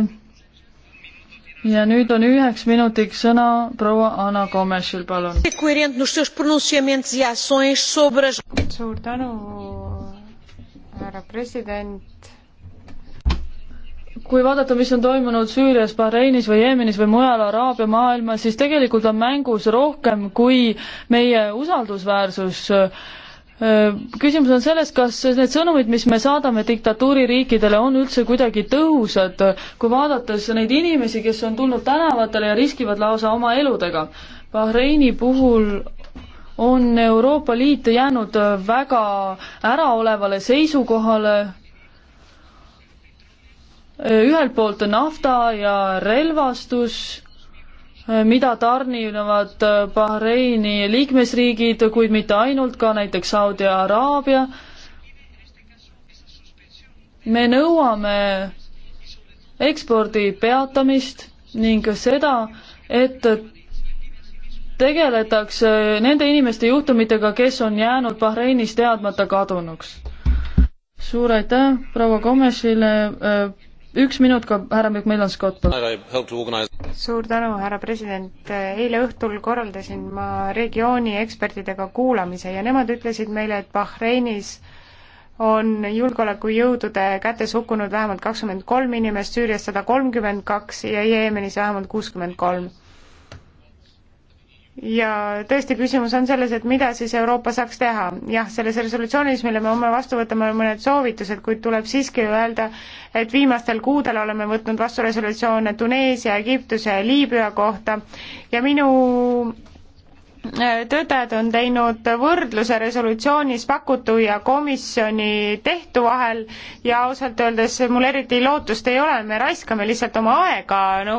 A: ja nüüd on üheks minutiks sõna proua Anna Komesil, palun.
D: E suur tänu,
C: härra president
A: kui vaadata, mis on toimunud Süürias, Bahreinis või Jeemenis või mujal Araabia maailmas, siis tegelikult on mängus rohkem kui meie usaldusväärsus. Küsimus on selles, kas need sõnumid, mis me saadame diktatuuririikidele, on üldse kuidagi tõhusad, kui vaadates neid inimesi, kes on tulnud tänavatele ja riskivad lausa oma eludega. Bahreini puhul on Euroopa Liit jäänud väga äraolevale seisukohale, ühelt poolt nafta ja relvastus, äh, mida tarnivad äh, Bahreini liikmesriigid, kuid mitte ainult, ka näiteks Saudi Araabia. me nõuame ekspordi peatamist ning seda, et tegeletakse nende inimeste juhtumitega, kes on jäänud Bahreinis teadmata kadunuks. suur aitäh proua Komesile äh, üks minut ka härra
C: McMillan
E: Scott, palun.
C: suur tänu, härra president. eile õhtul korraldasin ma regiooni ekspertidega kuulamise ja nemad ütlesid meile, et Bahreinis on julgeolekujõudude kätes hukkunud vähemalt kakskümmend kolm inimest, Süürias sada kolmkümmend kaks ja Jeemenis vähemalt kuuskümmend kolm ja tõesti, küsimus on selles, et mida siis Euroopa saaks teha. jah, selles resolutsioonis, mille me homme vastu võtame, on mõned soovitused, kuid tuleb siiski öelda, et viimastel kuudel oleme võtnud vastu resolutsioone Tuneesia, Egiptuse ja Liibüa kohta ja minu Äh, töötajad on teinud võrdluse resolutsioonis pakutu ja komisjoni tehtu vahel ja ausalt öeldes mul eriti lootust ei ole, me raiskame lihtsalt oma aega no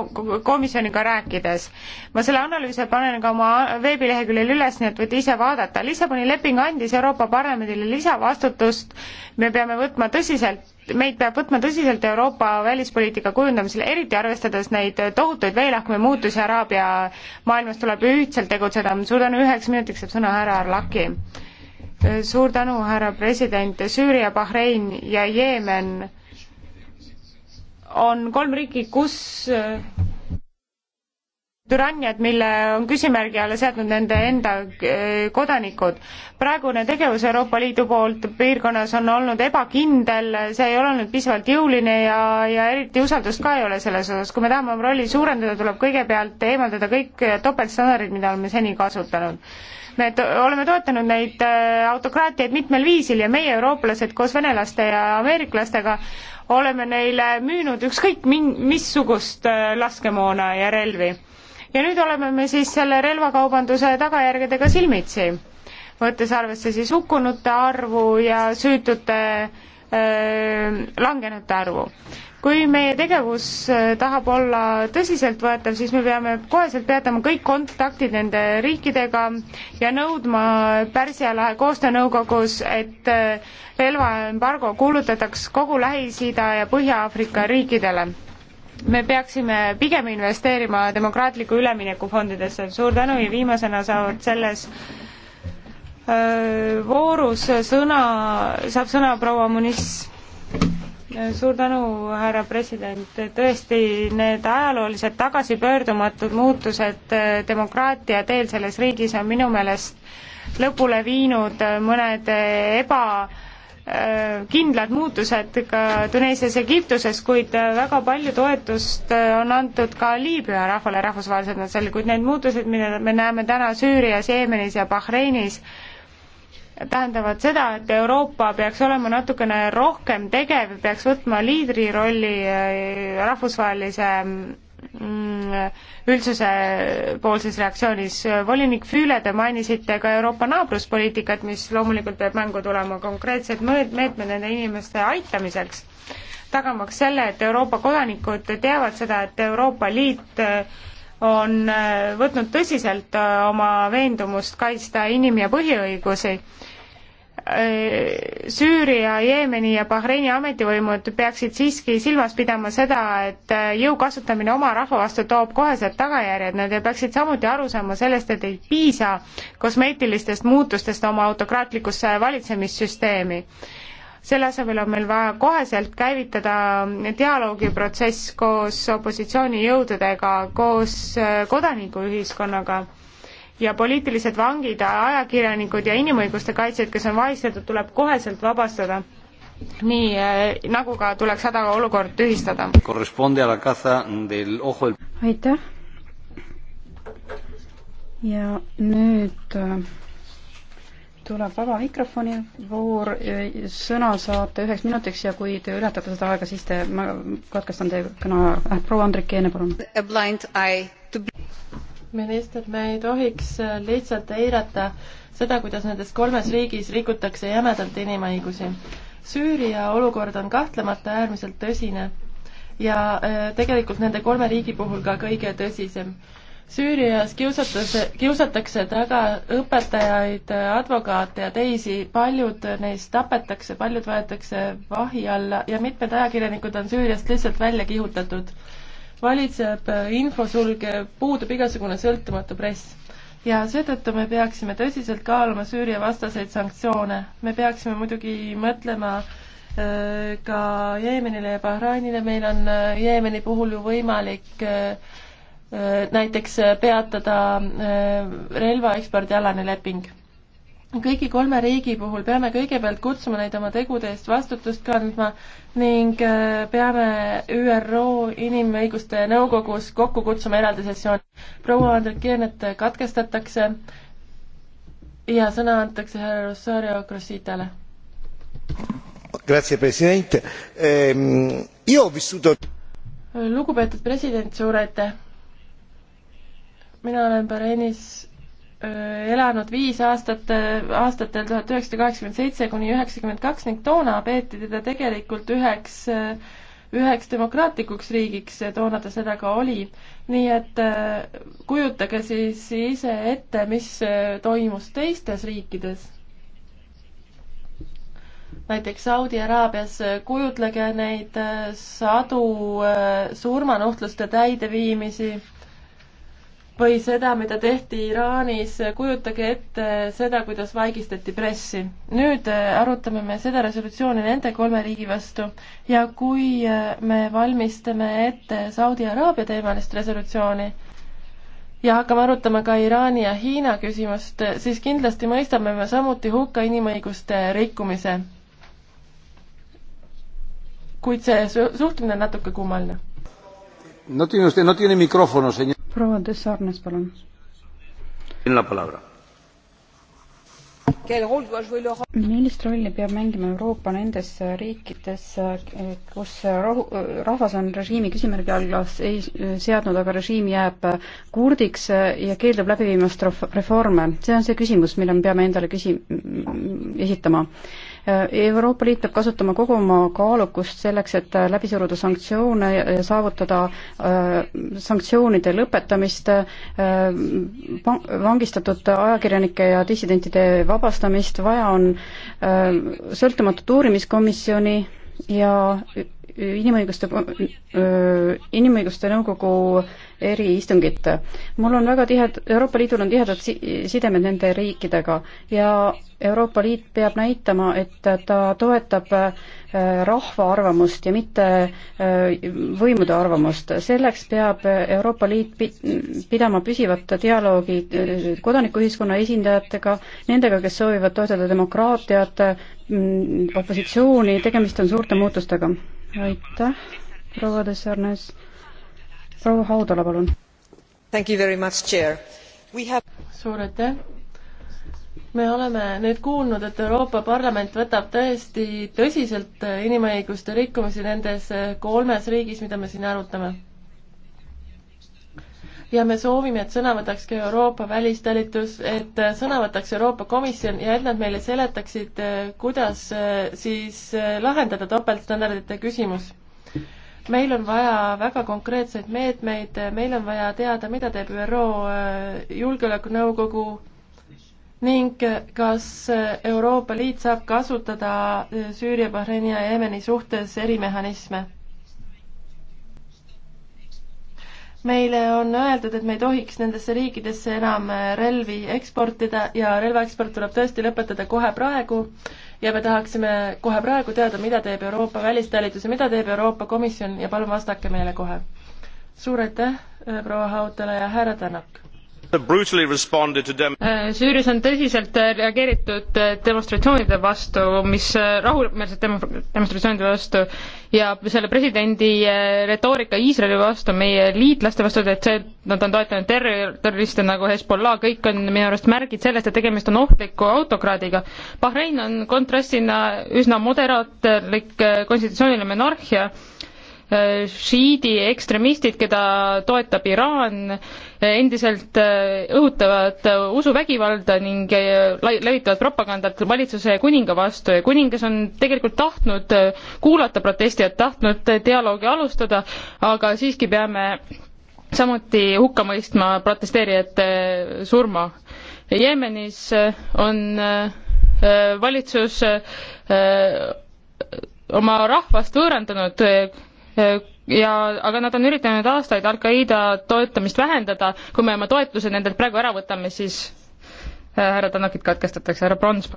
C: komisjoniga rääkides. ma selle analüüsi panen ka oma veebileheküljel üles, nii et võite ise vaadata. Lissaboni leping andis Euroopa Parlamendile lisavastutust, me peame võtma tõsiselt meid peab võtma tõsiselt Euroopa välispoliitika kujundamisel, eriti arvestades neid tohutuid veelahkme muutusi Araabia maailmas, tuleb ühtselt tegutseda. suur tänu, üheks minutiks saab sõna härra Arlaki. suur tänu, härra president, Süüria, Bahrein ja Jeemen on kolm riiki, kus türanniat, mille on küsimärgi alla seadnud nende enda eh, kodanikud. praegune tegevus Euroopa Liidu poolt piirkonnas on olnud ebakindel, see ei ole olnud piisavalt jõuline ja, ja eriti usaldust ka ei ole selles osas. kui me tahame oma rolli suurendada, tuleb kõigepealt eemaldada kõik topeltstandardid, mida oleme seni kasutanud me to oleme toetanud neid eh, autokraatiaid mitmel viisil ja meie, eurooplased, koos venelaste ja ameeriklastega oleme neile müünud ükskõik min-, missugust eh, laskemoona ja relvi ja nüüd oleme me siis selle relvakaubanduse tagajärgedega silmitsi, võttes arvesse siis hukkunute arvu ja süütute öö, langenute arvu. kui meie tegevus tahab olla tõsiseltvõetav, siis me peame koheselt peatama kõik kontaktid nende riikidega ja nõudma Pärsia lahe koostöönõukogus, et relvaembargo kuulutataks kogu Lähis-Ida ja Põhja-Aafrika riikidele me peaksime pigem investeerima demokraatliku ülemineku fondidesse. suur tänu ja viimasena saavad selles voorus sõna, saab sõna proua Muniz. suur tänu, härra president, tõesti need ajaloolised tagasipöördumatud muutused demokraatia teel selles riigis on minu meelest lõpule viinud mõned eba Äh, kindlad muutused ka Tuneesias ja Egiptuses, kuid äh, väga palju toetust äh, on antud ka Liibüa rahvale rahvusvahelisel tasandil, kuid need muutused, mida me näeme täna Süürias, Jeemenis ja Bahreinis, tähendavad seda, et Euroopa peaks olema natukene rohkem tegev, peaks võtma liidrirolli rahvusvahelise mm, Mm, üldsuse poolses reaktsioonis. volinik Füüle, te mainisite ka Euroopa naabruspoliitikat, mis loomulikult peab mängu tulema konkreetsed meetmed nende inimeste aitamiseks, tagamaks selle, et Euroopa kodanikud teavad seda, et Euroopa Liit äh, on äh, võtnud tõsiselt äh, oma veendumust kaitsta inim- ja põhiõigusi Äh, Süüria, Jeemeni ja Bahreini ametivõimud peaksid siiski silmas pidama seda, et äh, jõu kasutamine oma rahva vastu toob kohesed tagajärjed, nad peaksid samuti aru saama sellest, et ei piisa kosmeetilistest muutustest oma autokraatlikusse äh, valitsemissüsteemi. selle asemel on meil vaja koheselt käivitada dialoogiprotsess koos opositsioonijõududega, koos kodanikuühiskonnaga ja poliitilised vangid, ajakirjanikud ja inimõiguste kaitsjad, kes on vahistatud, tuleb koheselt vabastada. nii äh, nagu ka tuleks hädaolukord tühistada.
E: aitäh. ja nüüd eh, tuleb vaba mikrofoni voor, eh, sõna saate üheks minutiks ja kui te ületate seda aega, siis te, ma katkestan teie kõne, äh, proua Andrek Jeene, palun
B: minister, me ei tohiks äh, lihtsalt eirata seda, kuidas nendes kolmes riigis rikutakse jämedalt inimõigusi. Süüria olukord on kahtlemata äärmiselt tõsine ja äh, tegelikult nende kolme riigi puhul ka kõige tõsisem. Süürias kiusatakse, kiusatakse taga õpetajaid, advokaate ja teisi, paljud neist tapetakse, paljud võetakse vahi alla ja mitmed ajakirjanikud on Süüriast lihtsalt välja kihutatud valitseb äh, infosulge, puudub igasugune sõltumatu press. ja seetõttu me peaksime tõsiselt kaaluma Süüria vastaseid sanktsioone. me peaksime muidugi mõtlema äh, ka Jeemenile ja Bahrainile, meil on äh, Jeemeni puhul ju võimalik näiteks peatada relvaekspordialane leping kõigi kolme riigi puhul peame kõigepealt kutsuma neid oma tegude eest vastutust kandma ning äh, peame ÜRO Inimõiguste Nõukogus kokku kutsuma eraldi sessiooni. proua Andrikiennet katkestatakse ja sõna antakse härra Rosario Crositale.
D: Ehm,
B: lugupeetud president, suur aitäh! mina olen Bahrainis Äh, elanud viis aastat, äh, aastatel tuhat üheksasada kaheksakümmend seitse kuni üheksakümmend kaks ning toona peeti teda tegelikult üheks, äh, üheks demokraatlikuks riigiks, toona ta seda ka oli. nii et kujutage siis ise ette, mis toimus teistes riikides. näiteks Saudi Araabias, kujutlege neid sadu surmanuhtluste täideviimisi või seda, mida tehti Iraanis, kujutage ette seda, kuidas vaigistati pressi. nüüd äh, arutame me seda resolutsiooni nende kolme riigi vastu ja kui äh, me valmistame ette Saudi Araabia teemalist resolutsiooni ja hakkame arutama ka Iraani ja Hiina küsimust, siis kindlasti mõistame me samuti hukka inimõiguste rikkumise. kuid see suhtumine on natuke kummaline
D: no tiene usted, no tiene micrófono, señor.
E: proua de Sarnes, palun. millist rolli peab mängima Euroopa nendes riikides, kus rohu, rahvas on režiimi küsimärgi alla seadnud, aga režiim jääb kurdiks ja keeldub läbi viimast reforme? see on see küsimus, mille me peame endale küsi-, esitama Euroopa Liit peab kasutama kogu oma kaalukust selleks, et äh, läbi suruda sanktsioone ja saavutada äh, sanktsioonide lõpetamist, äh, vangistatud ajakirjanike ja dissidentide vabastamist, vaja on sõltumatut uurimiskomisjoni ja inimõiguste, inimõiguste nõukogu eriistungit. mul on väga tihed, Euroopa Liidul on tihedad si sidemed nende riikidega ja Euroopa Liit peab näitama, et ta toetab äh, rahva arvamust ja mitte äh, võimude arvamust. selleks peab Euroopa Liit pidama püsivat dialoogi äh, kodanikuühiskonna esindajatega, nendega, kes soovivad toetada demokraatiat, mm, opositsiooni, tegemist on suurte muutustega. aitäh, proua Dessarnes proua Haudala, palun. suur
B: aitäh me oleme nüüd kuulnud, et Euroopa Parlament võtab tõesti tõsiselt inimõiguste rikkumisi nendes kolmes riigis, mida me siin arutame. ja me soovime, et sõna võtaks ka Euroopa välistalitus, et sõna võtaks Euroopa Komisjon ja et nad meile seletaksid, kuidas siis lahendada topeltstandardite küsimus meil on vaja väga konkreetseid meetmeid, meil on vaja teada, mida teeb ÜRO äh, Julgeolekunõukogu ning äh, kas äh, Euroopa Liit saab kasutada Süüria, Bahreini ja Jeemeni suhtes erimehhanisme. meile on öeldud, et me ei tohiks nendesse riikidesse enam relvi eksportida ja relvaeksport tuleb tõesti lõpetada kohe praegu ja me tahaksime kohe praegu teada, mida teeb Euroopa välistalitus ja mida teeb Euroopa Komisjon ja palun vastake meile kohe.
F: suur aitäh, äh, proua Hautala ja härra Tänak!
D: Äh,
F: Süürias on tõsiselt äh, reageeritud demonstratsioonide vastu, mis rahumeelsete demonstratsioonide vastu, ja selle presidendi eh, retoorika Iisraeli vastu, meie liitlaste vastu, et see, nad on toetanud terror, terroriste nagu Hezbollah, kõik on minu arust märgid sellest, et tegemist on ohtliku autokraadiga. Bahrein on kontrastina üsna moderaatlik eh, konstitutsiooniline monarhia, eh, šiidi ekstremistid, keda toetab Iraan, endiselt äh, õhutavad äh, usuvägivalda ning äh, levitavad propagandat valitsuse ja kuninga vastu ja kuningas on tegelikult tahtnud kuulata protestijat, tahtnud dialoogi alustada, aga siiski peame samuti hukka mõistma protesteerijate surma. Jeemenis on valitsus oma rahvast võõrandanud ja, aga nad on üritanud aastaid Al-Qaeda toetamist vähendada, kui me oma toetuse nendelt praegu ära võtame, siis äh, härra Tanakit katkestatakse, härra Brons.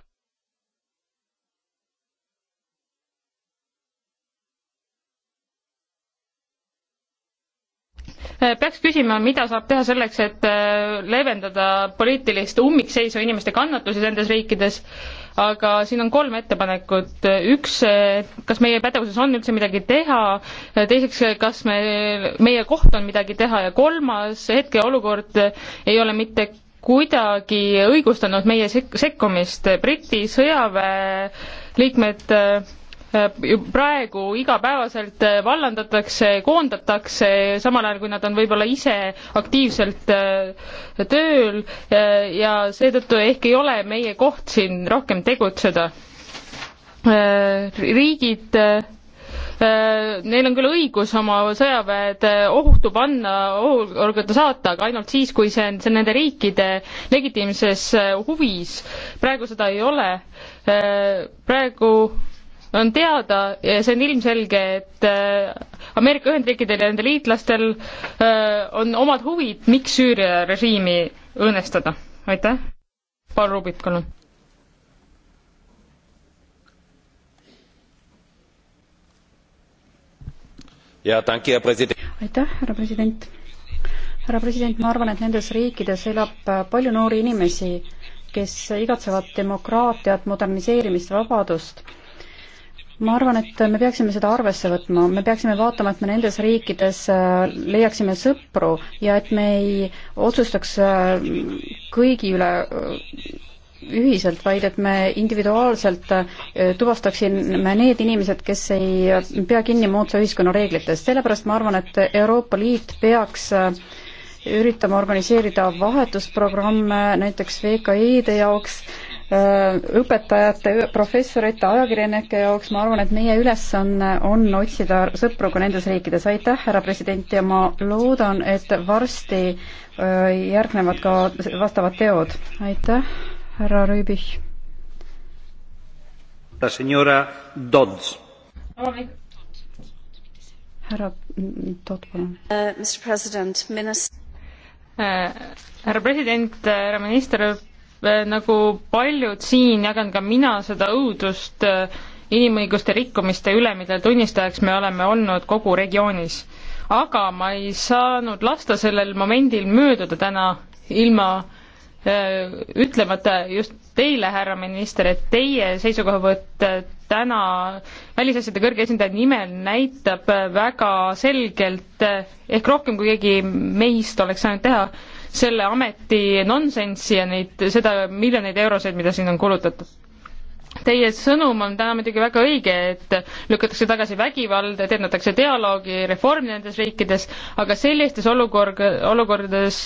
F: Äh, peaks küsima, mida saab teha selleks, et äh, leevendada poliitilist ummikseisu, inimeste kannatusi nendes riikides aga siin on kolm ettepanekut, üks, kas meie pädevuses on üldse midagi teha, teiseks, kas me, meie koht on midagi teha ja kolmas, hetkeolukord ei ole mitte kuidagi õigustanud meie sek-, sekkumist, Briti sõjaväe liikmed äh, Äh, praegu igapäevaselt äh, vallandatakse, koondatakse, samal ajal kui nad on võib-olla ise aktiivselt äh, tööl ja seetõttu ehk ei ole meie koht siin rohkem tegutseda. riigid neil on küll õigus oma sõjaväed ohtu panna, ohukorda saata, aga ainult siis, kui see on, see on nende riikide legitiimses huvis. praegu seda ei ole. praegu on teada ja see on ilmselge, et äh, Ameerika Ühendriikidel ja nende liitlastel äh, on omad huvid, miks Süüria režiimi õõnestada. aitäh. Paul Rubik, palun.
E: aitäh, härra president. härra president, ma arvan, et nendes riikides elab äh, palju noori inimesi, kes igatsevad demokraatiat, moderniseerimist, vabadust ma arvan, et me peaksime seda arvesse võtma, me peaksime vaatama, et me nendes riikides äh, leiaksime sõpru ja et me ei otsustaks äh, kõigi üle äh, ühiselt, vaid et me individuaalselt tuvastaksime need inimesed, kes ei pea kinni moodsa ühiskonna reeglitest, sellepärast ma arvan, et Euroopa Liit peaks üritama organiseerida vahetusprogramme näiteks VKI-de jaoks Äh, õpetajate, professorite, ajakirjanike jaoks, ma arvan, et meie ülesanne on, on otsida sõpru ka nendes riikides. aitäh, härra president, ja ma loodan, et varsti äh, järgnevad ka vastavad teod. aitäh, härra Rüübich. härra Todd, palun
F: uh,. härra president, härra minister Äh, nagu paljud siin jagan ka mina seda õudust äh, inimõiguste rikkumiste üle, mille tunnistajaks me oleme olnud kogu regioonis. aga ma ei saanud lasta sellel momendil mööduda täna ilma öö, äh, ütlemata just teile, härra minister, et teie seisukohavõtt täna välisasjade kõrge esindaja nimel näitab väga selgelt, ehk rohkem, kui keegi meist oleks saanud teha, selle ameti nonsensi ja neid, seda miljoneid eurosid, mida siin on kulutatud. Teie sõnum on täna muidugi väga õige, et lükatakse tagasi vägivalda, edendatakse dialoogi, reformi nendes riikides, aga sellistes olukord, olukordades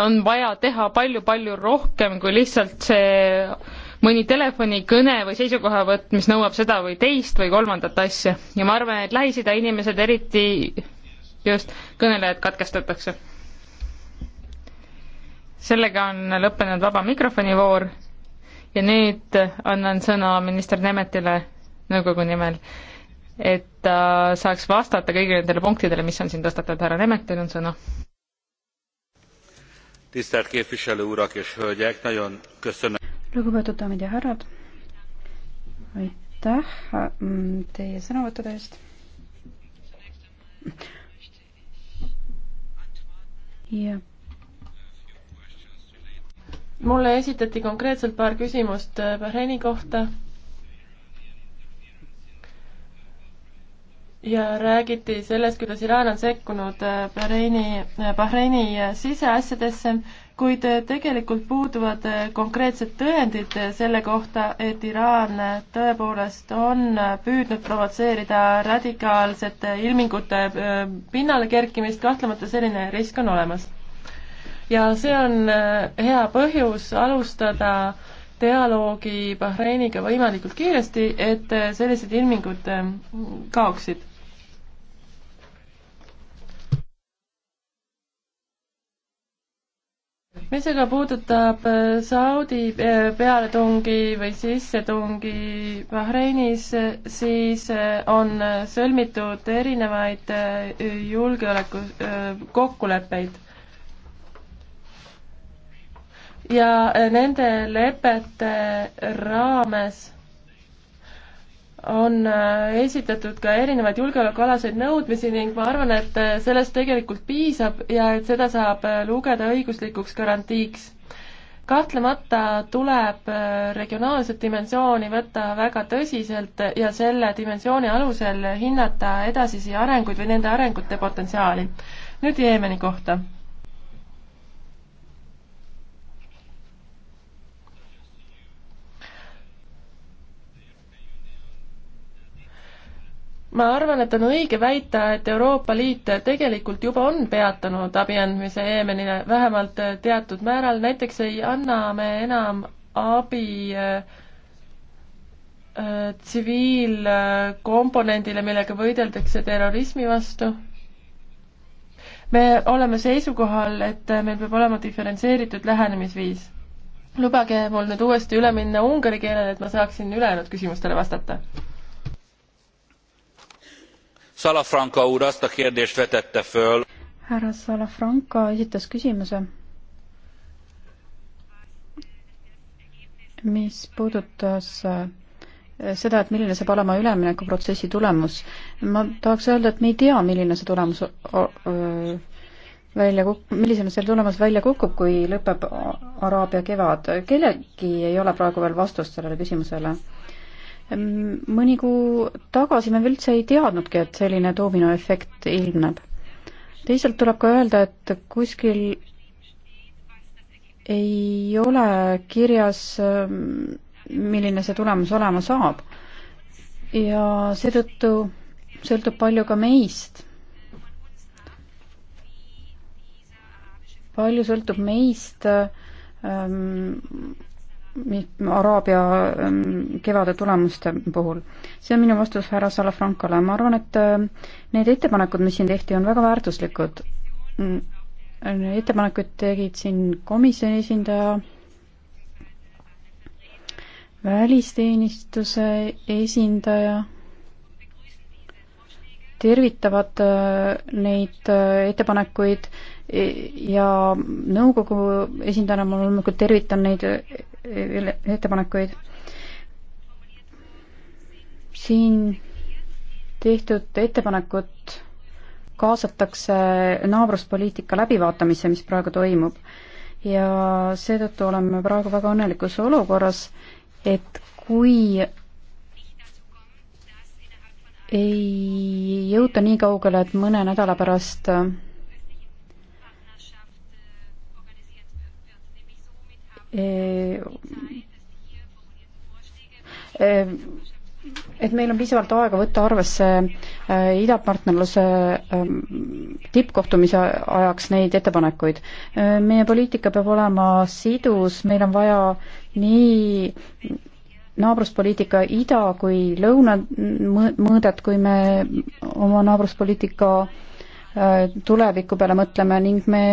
F: on vaja teha palju-palju rohkem kui lihtsalt see mõni telefonikõne või seisukohavõtt, mis nõuab seda või teist või kolmandat asja. ja ma arvan, et Lähis-Ida inimesed eriti just kõnelejad katkestatakse sellega on lõppenud vaba mikrofoni voor ja nüüd annan sõna minister Nemetile nõukogu nimel, et ta saaks vastata kõigile nendele punktidele, mis on siin tõstatatud. härra Nemet, teil on sõna.
E: lugupeetud daamid ja härrad, aitäh mm, teie sõnavõttude eest ja
B: mulle esitati konkreetselt paar küsimust äh, Bahreini kohta ja räägiti sellest, kuidas Iraan on sekkunud äh, Bahreini, äh, Bahreini siseasjadesse, kuid tegelikult puuduvad konkreetsed tõendid selle kohta, et Iraan tõepoolest on püüdnud provotseerida radikaalsete ilmingute pinnale kerkimist, kahtlemata selline risk on olemas ja see on äh, hea põhjus alustada dialoogi Bahreiniga võimalikult kiiresti, et äh, sellised ilmingud äh, kaoksid. mis aga puudutab Saudi pealetungi või sissetungi Bahreinis, siis on sõlmitud erinevaid julgeoleku kokkuleppeid ja eh, nende lepete raames on eh, esitatud ka erinevaid julgeolekualaseid nõudmisi ning ma arvan, et eh, sellest tegelikult piisab ja et seda saab lugeda õiguslikuks garantiiks. kahtlemata tuleb regionaalset dimensiooni võtta väga tõsiselt ja selle dimensiooni alusel hinnata edasisi arenguid või nende arengute potentsiaali. nüüd Jeemeni kohta ma arvan, et on õige väita, et Euroopa Liit tegelikult juba on peatanud abi andmise Jeemenile, vähemalt teatud määral, näiteks ei anna me enam abi tsiviilkomponendile äh, äh,, millega võideldakse terrorismi vastu. me oleme seisukohal, et meil peab olema diferentseeritud lähenemisviis. lubage mul nüüd uuesti üle minna ungari keelele, et ma saaksin ülejäänud küsimustele vastata
D: Salafranca úr azt a kérdést vetette föl.
E: Härra Salafranca esitas küsimuse, mis puudutas eh, seda, et milline saab olema üleminekuprotsessi tulemus. ma tahaks öelda, et me ei tea, milline see tulemus välja kuk-, millisena see tulemus välja kukub, kui lõpeb Araabia kevad. kellelgi ei ole praegu veel vastust sellele küsimusele mõni kuu tagasi me üldse ei teadnudki, et selline doominoefekt ilmneb. teisalt tuleb ka öelda, et kuskil ei ole kirjas, milline see tulemus olema saab. ja seetõttu sõltub palju ka meist. palju sõltub meist ähm, Araabia ähm, kevade tulemuste puhul. see on minu vastus härra Salafrankole, ma arvan, et äh, need ettepanekud, mis siin tehti, on väga väärtuslikud. Mm, ettepanekuid tegid siin komisjoni esindaja, välisteenistuse esindaja tervitavad äh, neid äh, ettepanekuid e, ja nõukogu esindajana ma loomulikult tervitan neid äh, e, ettepanekuid. siin tehtud ettepanekut kaasatakse naabruspoliitika läbivaatamisse, mis praegu toimub. ja seetõttu oleme praegu väga õnnelikus olukorras, et kui ei jõuta nii kaugele, et mõne nädala pärast e, e, et meil on piisavalt aega võtta arvesse e, idapartnerluse tippkohtumise ajaks neid ettepanekuid. meie poliitika peab olema sidus, meil on vaja nii naabruspoliitika ida kui lõuna mõõdet, kui me oma naabruspoliitika äh, tuleviku peale mõtleme ning me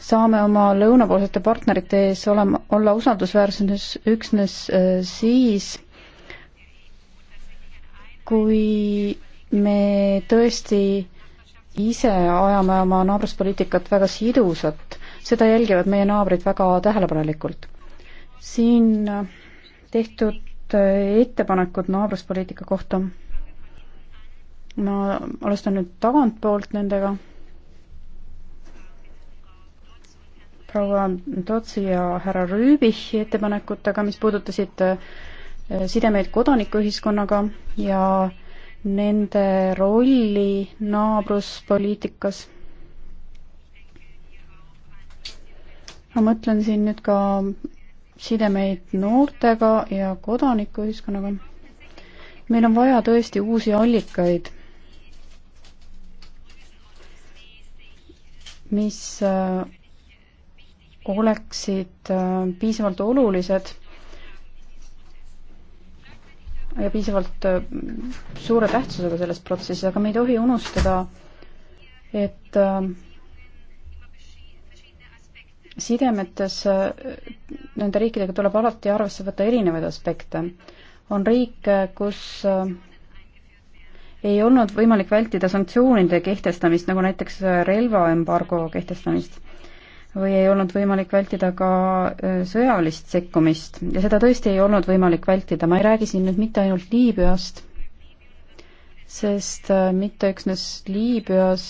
E: saame oma lõunapoolsete partnerite ees olema, olla usaldusväärses üksnes äh, siis, kui me tõesti ise ajame oma naabruspoliitikat väga sidusat, seda jälgivad meie naabrid väga tähelepanelikult. siin äh, tehtud Äh, ettepanekud naabruspoliitika kohta. ma alustan nüüd tagantpoolt nendega. proua Tootsi ja härra Rüübichi ettepanekutega, mis puudutasid äh, sidemeid kodanikuühiskonnaga ja nende rolli naabruspoliitikas. ma mõtlen siin nüüd ka sidemeid noortega ja kodanikuühiskonnaga. meil on vaja tõesti uusi allikaid, mis äh, oleksid äh, piisavalt olulised ja piisavalt äh, suure tähtsusega selles protsessis, aga me ei tohi unustada, et äh, sidemetes nende riikidega tuleb alati arvesse võtta erinevaid aspekte. on riike, kus äh, ei olnud võimalik vältida sanktsioonide kehtestamist, nagu näiteks äh, relvaembargo kehtestamist, või ei olnud võimalik vältida ka äh, sõjalist sekkumist ja seda tõesti ei olnud võimalik vältida, ma ei räägi siin nüüd mitte ainult Liibüast, sest mitte üksnes Liibüas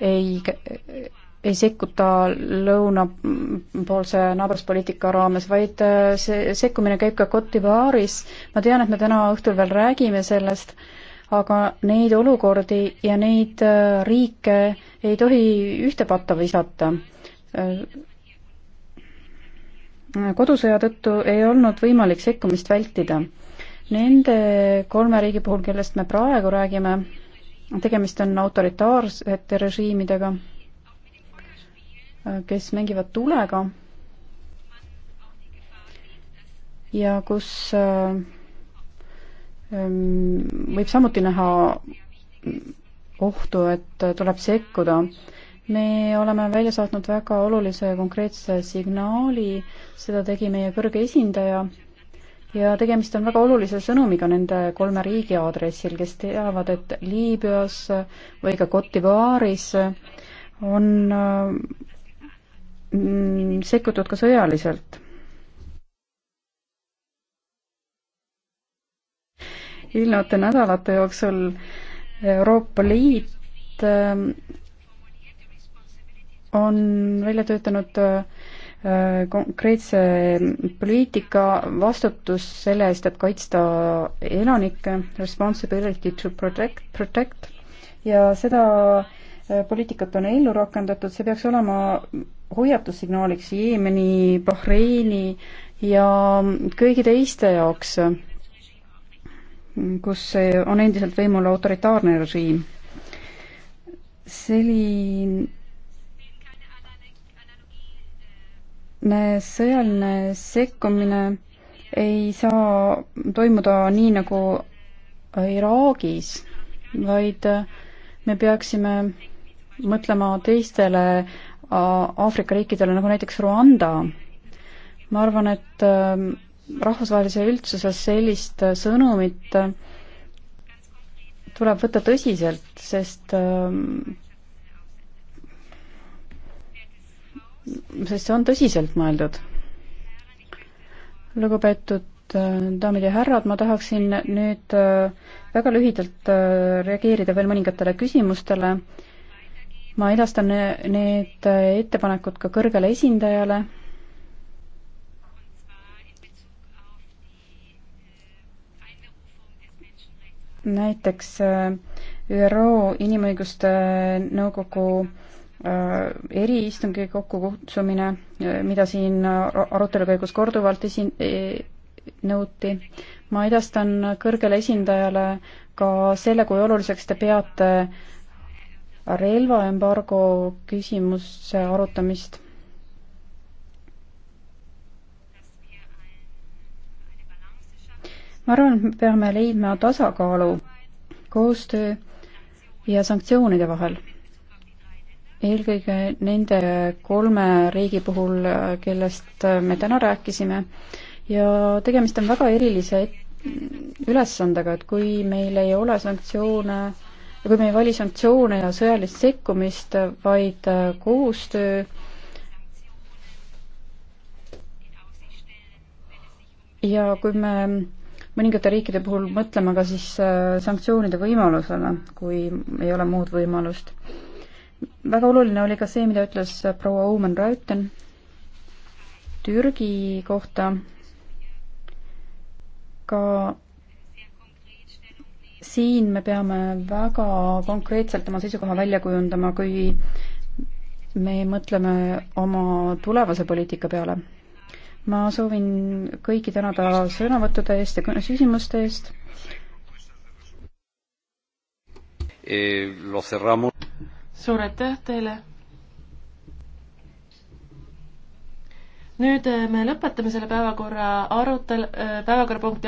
E: ei ei sekkuta lõunapoolse naabruspoliitika raames, vaid äh, see sekkumine käib ka Cote d'Ivoire'is. ma tean, et me täna õhtul veel räägime sellest, aga neid olukordi ja neid äh, riike ei tohi ühte patta visata. Äh, kodusõja tõttu ei olnud võimalik sekkumist vältida. Nende kolme riigi puhul, kellest me praegu räägime, tegemist on autoritaarsete režiimidega kes mängivad tulega ja kus ähm, võib samuti näha ohtu, et tuleb sekkuda. me oleme välja saatnud väga olulise konkreetse signaali, seda tegi meie kõrge esindaja ja tegemist on väga olulise sõnumiga nende kolme riigi aadressil, kes teavad, et Liibüas või ka Cote d'Ivoire'is on äh, Mm, sekkutud ka sõjaliselt. eelnevate nädalate jooksul Euroopa Liit ähm, on välja töötanud äh, konkreetse poliitika vastutus selle eest, et kaitsta elanikke, responsibility to protect, protect ja seda äh, poliitikat on ellu rakendatud, see peaks olema hoiatussignaaliks Jeemeni, Bahreini ja kõigi teiste jaoks, kus on endiselt võimul autoritaarne režiim. selline sõjaline sekkumine ei saa toimuda nii, nagu Iraagis, vaid me peaksime mõtlema teistele Aafrika riikidele, nagu näiteks Rwanda. ma arvan, et ähm, rahvusvahelise üldsuse sellist äh, sõnumit äh, tuleb võtta tõsiselt, sest ähm, sest see on tõsiselt mõeldud. lugupeetud äh, daamid ja härrad, ma tahaksin nüüd väga lühidalt reageerida veel mõningatele küsimustele ma edastan need ettepanekud ka kõrgele esindajale. näiteks äh, ÜRO Inimõiguste Nõukogu äh, eriistungi kokkukutsumine, äh, mida siin arutelu käigus korduvalt esi-, e-, nõuti. ma edastan kõrgele esindajale ka selle, kui oluliseks te peate äh, relvaembargo küsimuse arutamist. ma arvan, et me peame leidma tasakaalu koostöö ja sanktsioonide vahel. eelkõige nende kolme riigi puhul, kellest me täna rääkisime ja tegemist on väga erilise ülesandega, et kui meil ei ole sanktsioone äh, ja kui me ei vali sanktsioone ja sõjalist sekkumist, vaid äh, koostöö ja kui me mõningate riikide puhul mõtleme ka siis äh, sanktsioonide võimalusele, kui ei ole muud võimalust. väga oluline oli ka see, mida ütles äh, proua Oman Rauten Türgi kohta ka siin me peame väga konkreetselt oma seisukoha välja kujundama, kui me mõtleme oma tulevase poliitika peale. ma soovin kõiki tänada sõnavõttude eest ja küsimuste eest.
D: E,
B: suur aitäh teile! nüüd e, me lõpetame selle päevakorra arutel-, e, päevakorrapunkti